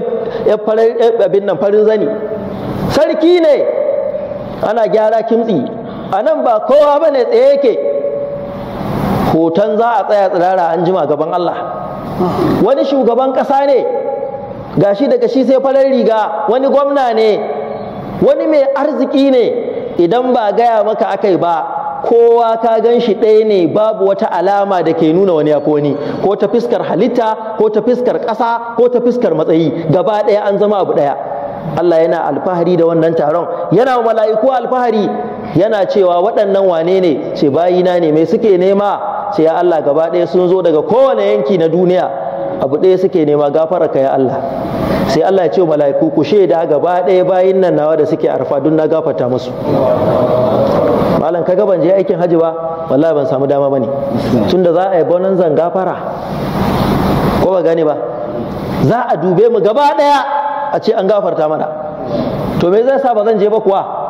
Speaker 1: abin nan farin zani sarki ne ana gyara kimtsi a nan ba kowa ba ne tsaye yake hoton za a tsaya tsirara an jima gaban Allah wani shugaban ƙasa ne gashi daga shi sai farar riga wani gwamna ne wani mai arziki ne idan ba gaya maka akai ba kowa ka gan shi ɗaya ne babu wata alama da ke nuna wani ya wani ko ta fiskar halitta ko ta fiskar ƙasa ko ta fiskar matsayi gaba ɗaya an zama abu ɗaya Allah yana alfahari da wannan taron yana wa mala'iku alfahari yana cewa waɗannan wane ne ce bayina ne mai suke nema ce ya Allah gaba ɗaya sun zo daga kowane yanki na duniya abu ɗaya suke nema gafara ka ya Allah sai Allah ya ce mala'iku ku shaida gaba ɗaya bayin nan nawa da suke arfa dun na gafarta musu malam kaga ban je aikin haji ba wallahi ban samu dama bane tunda za a yi bonan zan gafara ko ba gane ba za a dube mu gaba ɗaya a ce an gafarta mana to me zai sa ba zan je ba kuwa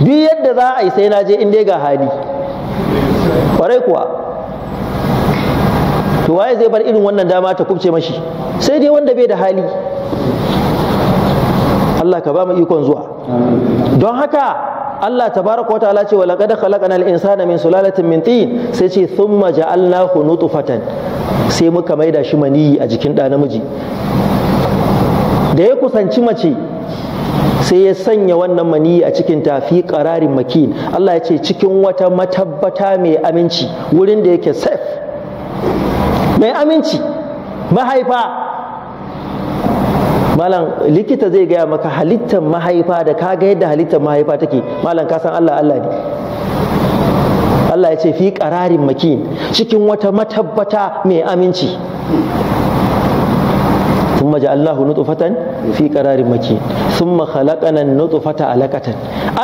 Speaker 1: duk yadda za a yi sai na je in dai ga hali kwarai kuwa to waye zai bar irin wannan dama ta kubce mashi sai dai wanda bai da hali Allah ka ba mu ikon zuwa don haka Allah tabaraka wataala ce wala qad khalaqana al-insana min sulalatin min tin sai ce thumma ja'alnahu nutfatan sai muka maida shi maniyi a jikin da namiji da ya kusanci mace sai ya sanya wannan mani a cikin tafi ƙararin makin Allah ya ce cikin wata matabbata mai aminci wurin da yake safe mai aminci mahaifa malam likita zai gaya maka halittar mahaifa da ka ga yadda halittar mahaifa take malam ka san Allah Allah ne Allah ya ce fi ƙararin makin cikin wata matabbata mai aminci ثم جعلناه نطفة في قرار مكين ثم خلقنا النطفة علقة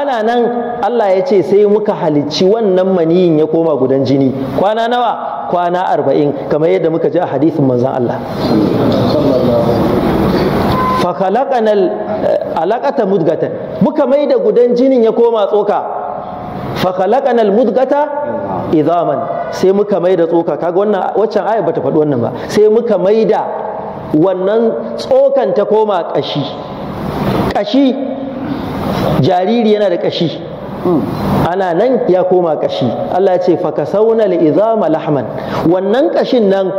Speaker 1: أنا نن الله يتي سي muka halicci wannan maniyin ya koma gudan jini kwana nawa kwana arba'in kamar yadda muka ji a hadisin manzon Allah fa khalaqana alaqata mudgata. muka mai da gudan jinin ya koma tsoka fa khalaqana almudgata idaman sai muka mai da tsoka kaga wannan waccan aya ta faɗi wannan ba sai muka mai da wannan tsokan ta koma ƙashi ƙashi jariri yana da ƙashi hmm. ana nan ya koma ƙashi Allah ya ce fakasauna izama lahman wannan ƙashin nan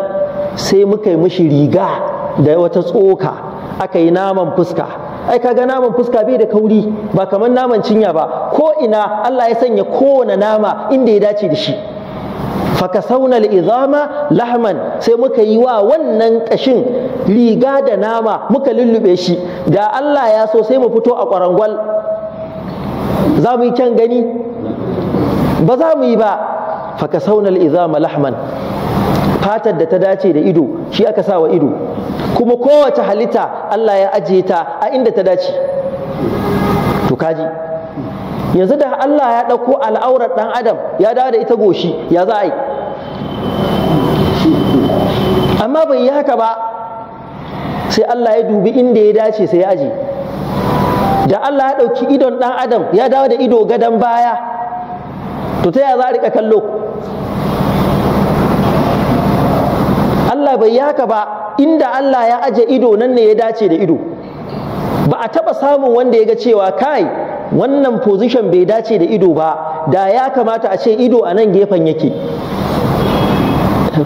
Speaker 1: sai muka yi mishi riga da wata tsoka aka yi naman fuska ai kaga naman fuska bai da kauri ba kamar naman cinya ba ko ina Allah ya sanya kowane nama inda ya dace da shi fakasaunal izama lahman sai muka yi wa wannan ƙashin riga da nama muka lullube shi da Allah ya so sai mu fito a kwarangwal za mu yi kyan gani ba za mu yi ba fakasaunal izama lahman fatar da ta dace da ido shi aka sa wa ido kuma kowace halitta Allah ya ajiye ta a inda ta dace to kaji yanzu da Allah ya ɗauko al'aurar ɗan adam ya dawo da ita goshi ya za a yi amma bai yi haka ba sai Allah ya dubi inda ya dace sai ya aji da Allah ya ɗauki idon ɗan adam ya dawo da ido gadon baya to ta ya za a riƙa kallo Allah bai yi haka ba inda Allah ya aje ido nan ne ya dace da ido ba a taɓa samun wanda ya ga cewa kai wannan position bai dace da ido ba da ya kamata a ce ido a nan gefen yake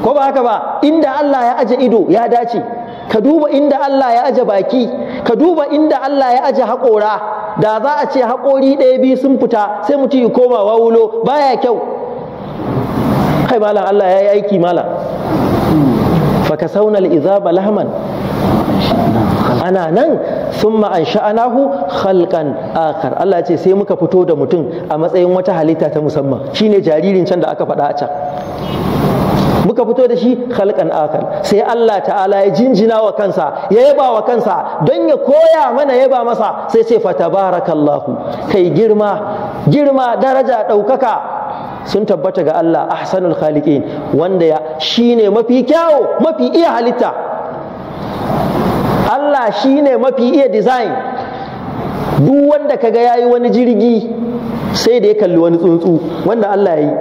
Speaker 1: ko ba haka ba inda Allah ya aje ido ya dace ka duba inda Allah ya aje baki ka duba inda Allah ya aje haƙora da za a ce haƙori ɗaya biyu sun fita sai mutum ya koma wawulo baya kyau kai malam Allah ya yi aiki malam fakasaunal izaba lahman ana nan sun thumma ansha'nahu khalqan akar Allah ya ce sai muka fito da mutum a matsayin wata halitta ta musamman shine jaririn can da aka faɗa a can muka fito da shi khalqan akar. sai Allah ta'ala ya jinjina wa kansa ya yaba wa kansa don ya koya mana yaba masa sai ce fatabarakallahu kai girma girma daraja ɗaukaka sun tabbata ga Allah ahsanul khaliqin wanda ya shine mafi kyawo mafi iya halitta Allah shi ne mafi iya design duk wanda kaga yayi wani jirgi sai da ya kalli wani tsuntsu wanda Allah ya yi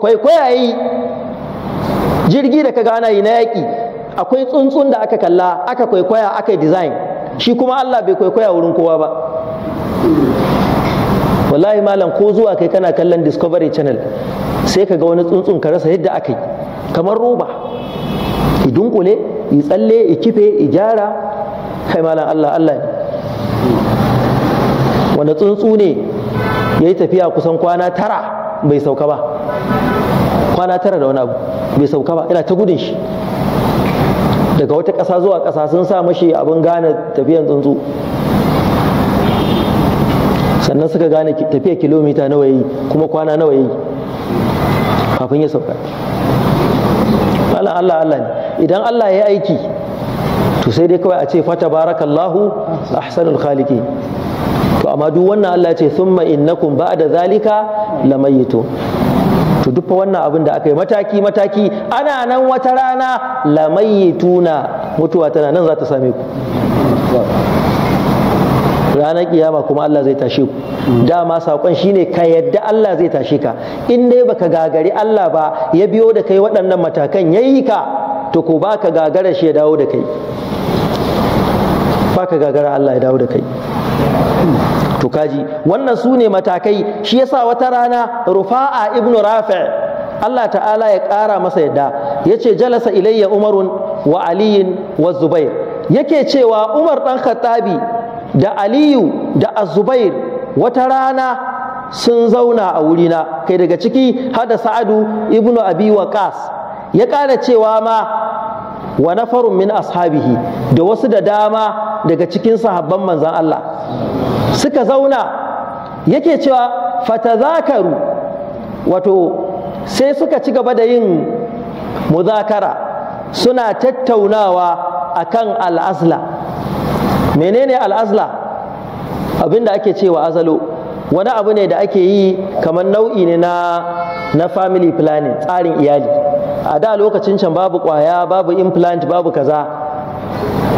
Speaker 1: kwaikwaya yi jirgi da kaga ana yi na yaki akwai tsuntsun da aka kalla aka kwaikwaya aka design shi kuma Allah bai kwaikwaya wurin kowa ba wallahi malam ko zuwa kai kana kallon discovery channel sai ka ga wani tsuntsun ka rasa yadda aka yi kamar roba idunkule i tsalle i kife i gyara kai malam Allah Allah ne wanda tsuntsu ne ya yi tafiya kusan kwana tara bai sauka ba kwana tara da wani abu bai sauka ba yana ta gudun shi daga wata ƙasa zuwa ƙasa sun sa mashi abin gane tafiyan tsuntsu sannan suka gane tafiya kilomita nawa yi kuma kwana nawa yi kafin ya sauka Allah Allah Allah ne idan Allah ya aiki to sai dai kawai a ce fata barakallahu ahsanul khaliqi to amma duk wannan Allah ya ce thumma innakum ba'da zalika lamayitu to duk wannan abin da aka yi mataki mataki ana nan wata rana lamayituna mutuwa tana nan za ta same ku ranar kiyama kuma Allah zai tashe ku dama sakon shine ka yadda Allah zai tashe ka in dai baka gagari Allah ba ya biyo da kai waɗannan matakan yayi ka to ko baka gagara shi ya dawo da kai baka gagara Allah ya dawo da kai to kaji wannan su ne matakai shi yasa wata rana rufa'a ibnu rafi' Allah ta'ala ya ƙara masa yadda ya ce jalasa ilayya umarun wa aliyin wa zubair yake cewa umar ɗan khattabi da aliyu da azubair wata rana sun zauna a wurina kai daga ciki hada sa'adu ibnu abi waqas ya ƙara cewa ma wa nafarun min ashabihi da wasu da dama daga cikin sahabban manzan Allah suka zauna yake cewa fatazakaru wato sai suka ci gaba da yin muzakara suna tattaunawa a akan al'azla menene al'azla abinda ake cewa azalo wani abu ne da ake yi kamar nau'i ne na na family planning tsarin iyali a da lokacin can babu kwaya babu implant babu kaza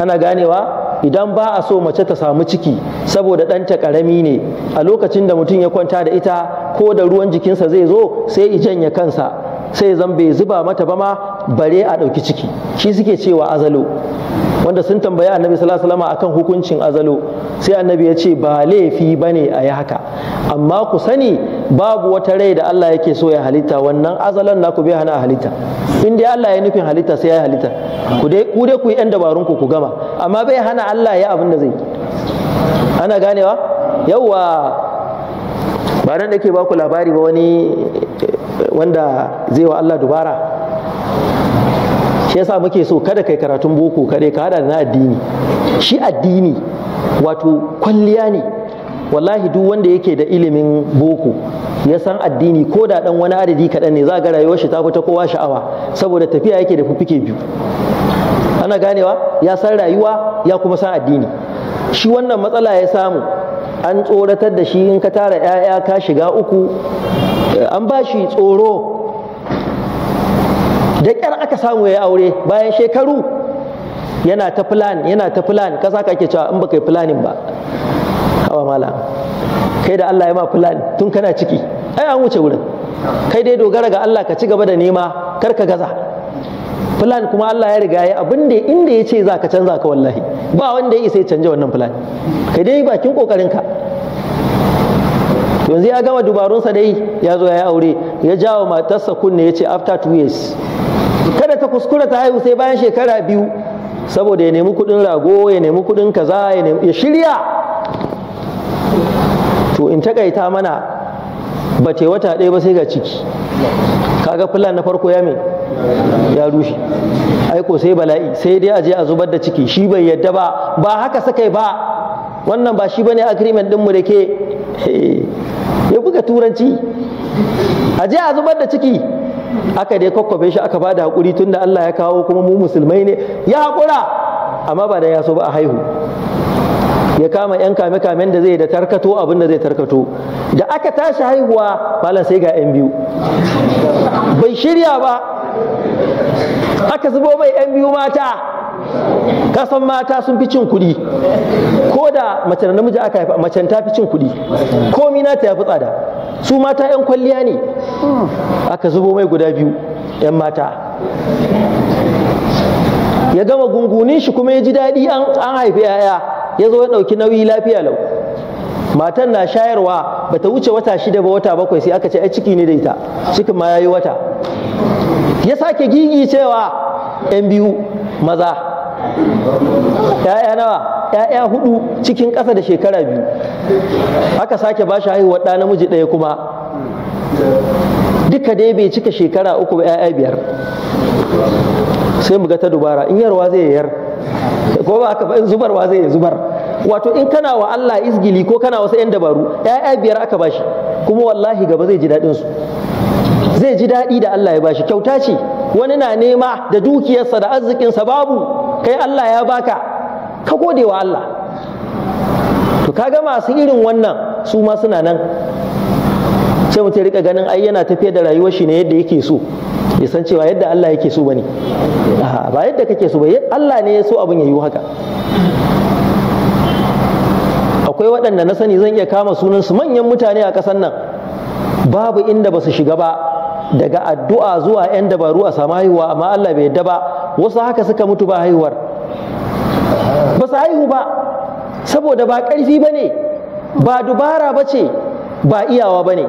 Speaker 1: ana ganewa idan ba a so mace ta samu ciki saboda ɗanta ƙarami ne a lokacin da mutum ya kwanta da ita ko da ruwan jikinsa zai zo sai i janye kansa sai zan bai zuba mata ba ma bare a ɗauki ciki shi suke cewa azalo wanda sun tambayi annabi sallallahu alaihi wasallam akan hukuncin azalo sai annabi ya ce ba laifi bane a yi haka amma ku sani babu wata rai da Allah yake so ya halitta wannan azalan naku bai hana halitta in dai Allah ya nufin halitta sai ya halitta ku dai ku dai ku yi yan dabarun ku ku gama amma bai hana Allah ya abin da zai ana ganewa yawa ba nan da ke baku labari ba wani eh, wanda zai wa Allah dubara shi yasa muke so kada kai karatun boko kaɗai ka hada na addini shi addini wato kwalliya ne wallahi duk wanda yake da ilimin boko ya san addini ko da dan wani adadi kaɗan ne za ga rayuwar shi ta fi ta kowa sha'awa saboda tafiya yake da fuffuke biyu ana ganewa ya san rayuwa ya kuma san addini shi wannan matsala ya samu an tsoratar da shi in ka tara 'ya'ya ka shiga uku an ba shi tsoro da ƙyar aka samu ya aure bayan shekaru yana ta plan yana ta plan kasa ka ke cewa in baka yi planning ba hawa malam kai da Allah ya ma plan tun kana ciki ai an wuce wurin kai dai dogara ga Allah ka ci gaba da nema kar ka gaza Plan kuma Allah ya riga ya abin da inda ya ce za ka canza ka wallahi ba wanda ya isa ya canja wannan plan kai dai bakin kokarin ka yanzu ya gama dubarunsa dai ya zo ya yi aure ya jawo matarsa kunne ya ce after two years kada ta kuskura ta haihu sai bayan shekara biyu saboda ya nemi kudin rago ya nemi kudin kaza ya shirya to in takaita mana ba te wata ɗaya ba sai ga ciki kaga fulan na farko ya me ya rushe aiko sai bala'i sai dai aje a zubar da ciki shi bai yadda ba ba haka sakai ba wannan ba shi bane agreement ɗinmu da ke Eh, ya buga turanci a je a zubar da ciki aka dai kwakwabe shi aka bada hakuri tunda Allah ya kawo kuma mu musulmai ne ya hakura amma ba da ya so ba a haihu ya kama yan kame kamen da zai da tarkato abin da zai tarkato da aka tashi haihuwa malam sai ga yan biyu bai shirya ba aka zubo mai yan biyu mata kasan mata sun fi cin kuɗi ko da mace da namiji aka haifa mace ta fi cin kuɗi komi na ya fi tsada su mata 'yan kwalliya ne aka zubo mai guda biyu 'yan mata ya gama gungunin shi kuma ya ji daɗi an haifi 'ya'ya ya zo ya ɗauki nauyi lafiya lau matan na shayarwa ba ta wuce wata shida ba wata bakwai sai aka ce ai ciki ne da ita cikin ma ya yi wata ya sake gigi cewa 'yan biyu maza ya'ya nawa ya'ya hudu cikin ƙasa da shekara biyu aka sake ba shi haihuwar ɗa namiji ɗaya kuma duka dai bai cika shekara uku ba ya'ya biyar sai mu ga ta dubara in yarwa zai yar ko ba aka in zubarwa zai zubar wato in kana wa Allah izgili ko kana wasu 'yan dabaru ya'ya biyar aka ba shi kuma wallahi gaba zai ji daɗin su zai ji daɗi da Allah ya ba shi kyauta ce wani na nema da dukiyarsa da arzikinsa babu kai Allah ya baka ka gode wa Allah to kaga masu irin wannan su ma suna nan sai mutum rika ganin ai yana tafiya da rayuwar shi ne yadda yake so ya san cewa yadda Allah yake so bane ba yadda kake so ba Allah ne ya so abin ya yi haka akwai waɗanda na sani zan iya kama sunan su manyan mutane a ƙasar nan babu inda ba su shiga ba daga addu'a zuwa 'yan dabaru a sama haihuwa amma Allah bai yadda ba wasu haka suka mutu ba haihuwar ba su haihu ba saboda ba ƙarfi ba ne ba dubara ba ce ba iyawa ba ne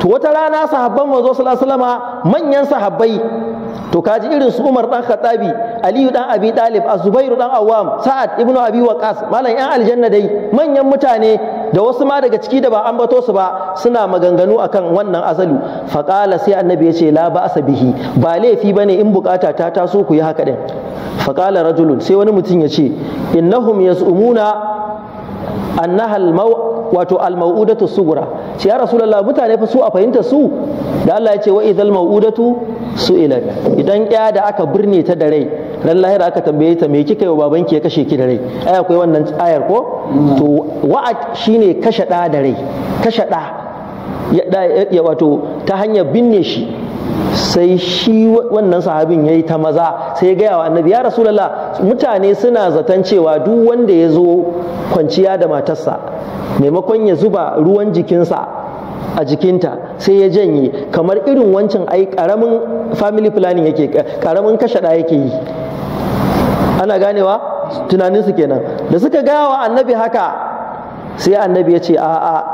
Speaker 1: to wata rana sahabban manzo sallallahu manyan sahabbai to kaji irin su Umar dan Khattabi Aliyu dan Abi Talib zubairu dan Awam Sa'ad ibnu Abi Waqas malam yan aljanna dai manyan mutane da wasu ma daga ciki da ba an bato su ba suna maganganu akan wannan azalu faqala sai annabi ya ce la ba'sa bihi ba laifi bane in bukata ta taso ku yi haka din faqala rajulun sai wani mutum ya ce innahum yas'umuna al maw wato almau'udatu sugura ce ya rasulullah mutane fa su a fahimta su da Allah ya ce wa idhal mau'udatu su'ilat idan ya da aka birne ta da rai ran lahira aka tambaye ta me kika yi wa babanki ya kashe ki da rai ai akwai wannan ayar ko to wa'ad shine kashe ɗa da rai kashe ɗa ya wato ta hanyar binne shi sai shi wannan sahabin ya yi ta maza sai ya gaya wa annabi ya rasulallah mutane suna zaton cewa duk wanda ya zo kwanciya da matarsa maimakon ya zuba ruwan jikinsa a jikinta sai ya janye kamar irin wancan ai karamin family planning yake karamin kashe ɗaya yake yi ana ganewa tunaninsu kenan da suka gaya wa annabi haka sai annabi ya ce a'a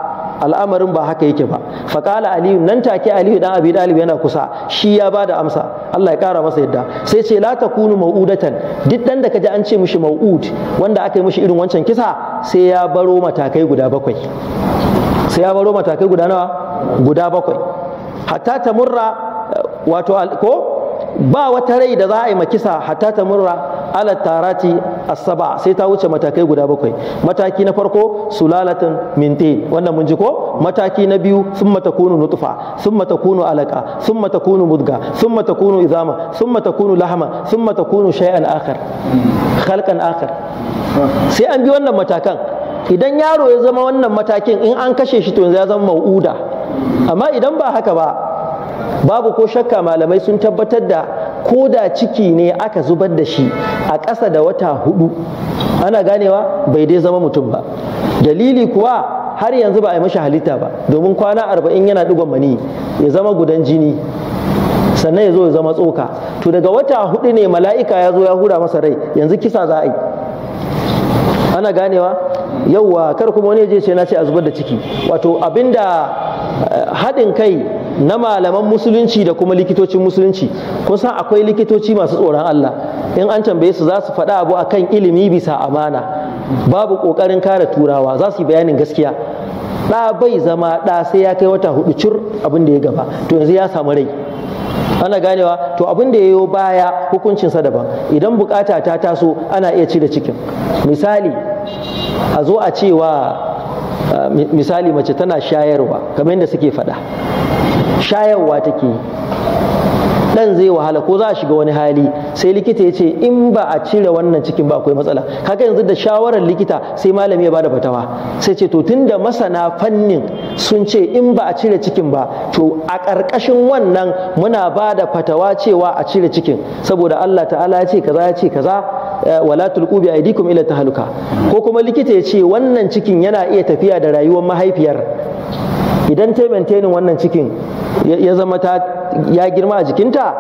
Speaker 1: al'amarin ba haka yake ba faƙala aliyu nan take aliyu dan abi dalib yana kusa shi ya ba da amsa Allah ya kara masa yadda sai ce la kunu mau'udatan duk dan da kaji an ce mishi mau'ud wanda aka yi mishi irin wancan kisa sai ya baro matakai guda bakwai sai ya baro matakai guda nawa guda bakwai hatta ta murra wato ko ba wata rai da za a yi makisa hatta ta murra ala tarati asaba sai ta wuce matakai guda bakwai mataki na farko sulalatin minti wannan mun ji ko mataki na biyu summa takunu nutfa summa takunu alaka summa takunu mudga summa takunu izama summa takunu lahama summa takunu shay'an akhar khalqan akhar sai an bi wannan matakan idan yaro ya zama wannan matakin in an kashe shi to ya zama ma'uda, amma idan ba haka ba babu ko shakka malamai sun tabbatar da ko da ciki ne aka zubar da shi a ƙasa da wata hudu ana ganewa bai dai zama mutum ba dalili kuwa har yanzu ba a yi mashi halitta ba domin kwana arba'in yana digon mani ya zama gudan jini sannan ya zo ya zama tsoka to daga wata hudu ne mala'ika ya zo ya hura masa rai yanzu kisa za a yi ana ganewa yauwa kar kuma wani je ce na ce a zubar da ciki wato abinda eh, haɗin kai na malaman musulunci da kuma likitocin musulunci kusan akwai likitoci masu tsoron Allah in an tambaye su za su faɗa abu akan ilimi bisa amana babu ƙoƙarin kare turawa za su yi bayanin gaskiya ɗa bai zama ɗa sai ya kai wata hudu cur abin da ya gaba to yanzu ya samu rai ana ganewa to abin da ya yi baya hukuncinsa daban idan bukata ta taso ana iya ci da cikin misali a zo a cewa misali mace tana shayarwa kamar yadda suke faɗa shayarwa take dan zai wahala ko za a shiga wani hali sai likita ya ce in ba a cire wannan cikin ba akwai matsala kaga yanzu da shawarar likita sai malami ya bada fatawa sai ce to tunda masana fannin sun ce in ba a cire cikin ba to a ƙarƙashin wannan muna bada fatawa cewa a cire cikin saboda Allah ta'ala ya ce kaza ya ce kaza eh, wala tulqu bi aidikum ila tahluka ko kuma likita ya ce wannan cikin yana iya tafiya da rayuwar mahaifiyar idan ta wannan cikin ya zama ta ya girma a jikinta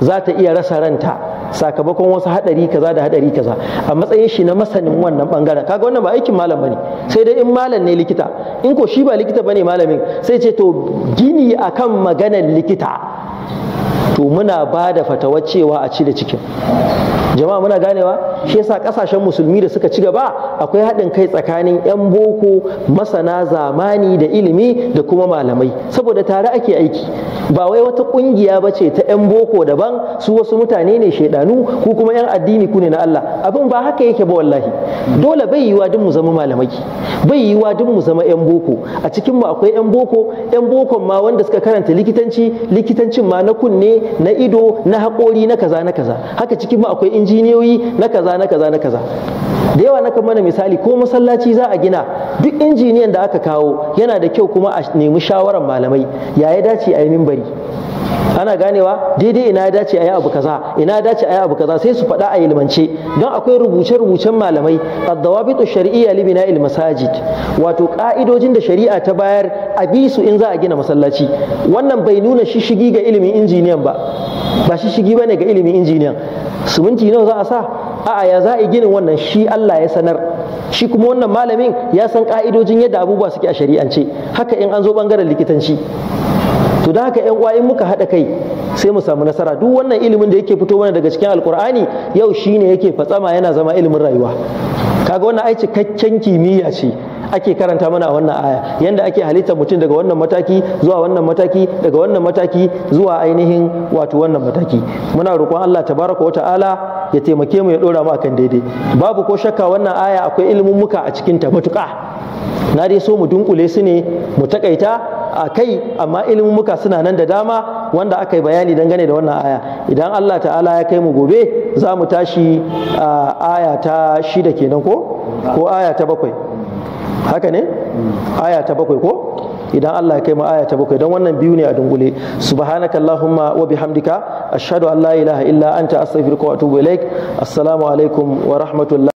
Speaker 1: za ta iya rasa ranta sakamakon wasu hadari kaza da hadari kaza a matsayin shi na masanin wannan bangaren kaga wannan ba aikin malam bane sai dai in malam ne likita in ko shi ba likita bane malamin sai ce to gini akan maganar likita to muna ba da fatawa cewa a cire cikin jama'a muna ganewa shi yasa kasashen musulmi da suka ci gaba akwai haɗin kai tsakanin 'yan boko masana zamani da ilimi da kuma malamai saboda tare ake aiki ba wai wata ƙungiya bace ta 'yan boko daban su wasu mutane ne shaidanu ku kuma 'yan addini ku ne na Allah abin ba haka yake ba wallahi dole bai yiwa duk mu zama malamai bai yiwa duk mu zama yan boko a cikin mu akwai yan boko yan bokon ma wanda suka karanta likitanci likitancin ma na kunne na ido na haƙori na kaza na kaza haka cikin mu akwai injiniyoyi na kaza na kaza na kaza da yawa na kan mana misali ko masallaci za a gina duk injiniyan da aka kawo yana da kyau kuma a nemi shawarar malamai ya ya dace a yi bari. ana ganewa daidai ina ya dace a yi abu kaza ina dace a yi abu kaza sai su faɗa a ilmance don akwai rubuce-rubucen malamai addawabitu shari'iyya li bina il masajid wato ka'idojin da shari'a ta bayar a bi in za a gina masallaci wannan bai nuna shishigi ga ilimin injiniyan ba ba shishigi bane ga ilimin injiniyan siminti nawa za a sa a'a ya za a gina wannan shi Allah ya sanar shi kuma wannan malamin ya san ka'idojin yadda abubuwa suke a shari'ance haka in an zo bangaren likitanci to da haka yan in muka haɗa kai sai mu samu nasara duk wannan ilimin da yake fito mana daga cikin alkur'ani yau shine yake fatsama yana zama ilimin rayuwa kaga wannan ai cikakken kimiyya ce ake karanta mana a wannan aya yanda ake halittar mutum daga wannan mataki zuwa wannan mataki daga wannan mataki zuwa ainihin wato wannan mataki muna roƙon Allah tabaraka wata'ala ya taimake mu ya dora mu akan daidai babu ko shakka wannan aya akwai ilimin muka a cikin ta matuƙa na dai so mu dunkule su ne mu takaita a kai amma ilimin muka suna nan da dama wanda aka yi bayani dangane da wannan aya idan Allah ta'ala ya kai mu gobe za mu tashi aya ta shida kenan ko ko aya ta bakwai haka ne aya ta bakwai ko idan Allah ya kai mu aya ta bakwai don wannan biyu ne a dungule subhanaka allahumma wa bihamdika ashhadu an la ilaha illa anta astaghfiruka wa atubu ilaik assalamu alaikum wa rahmatullahi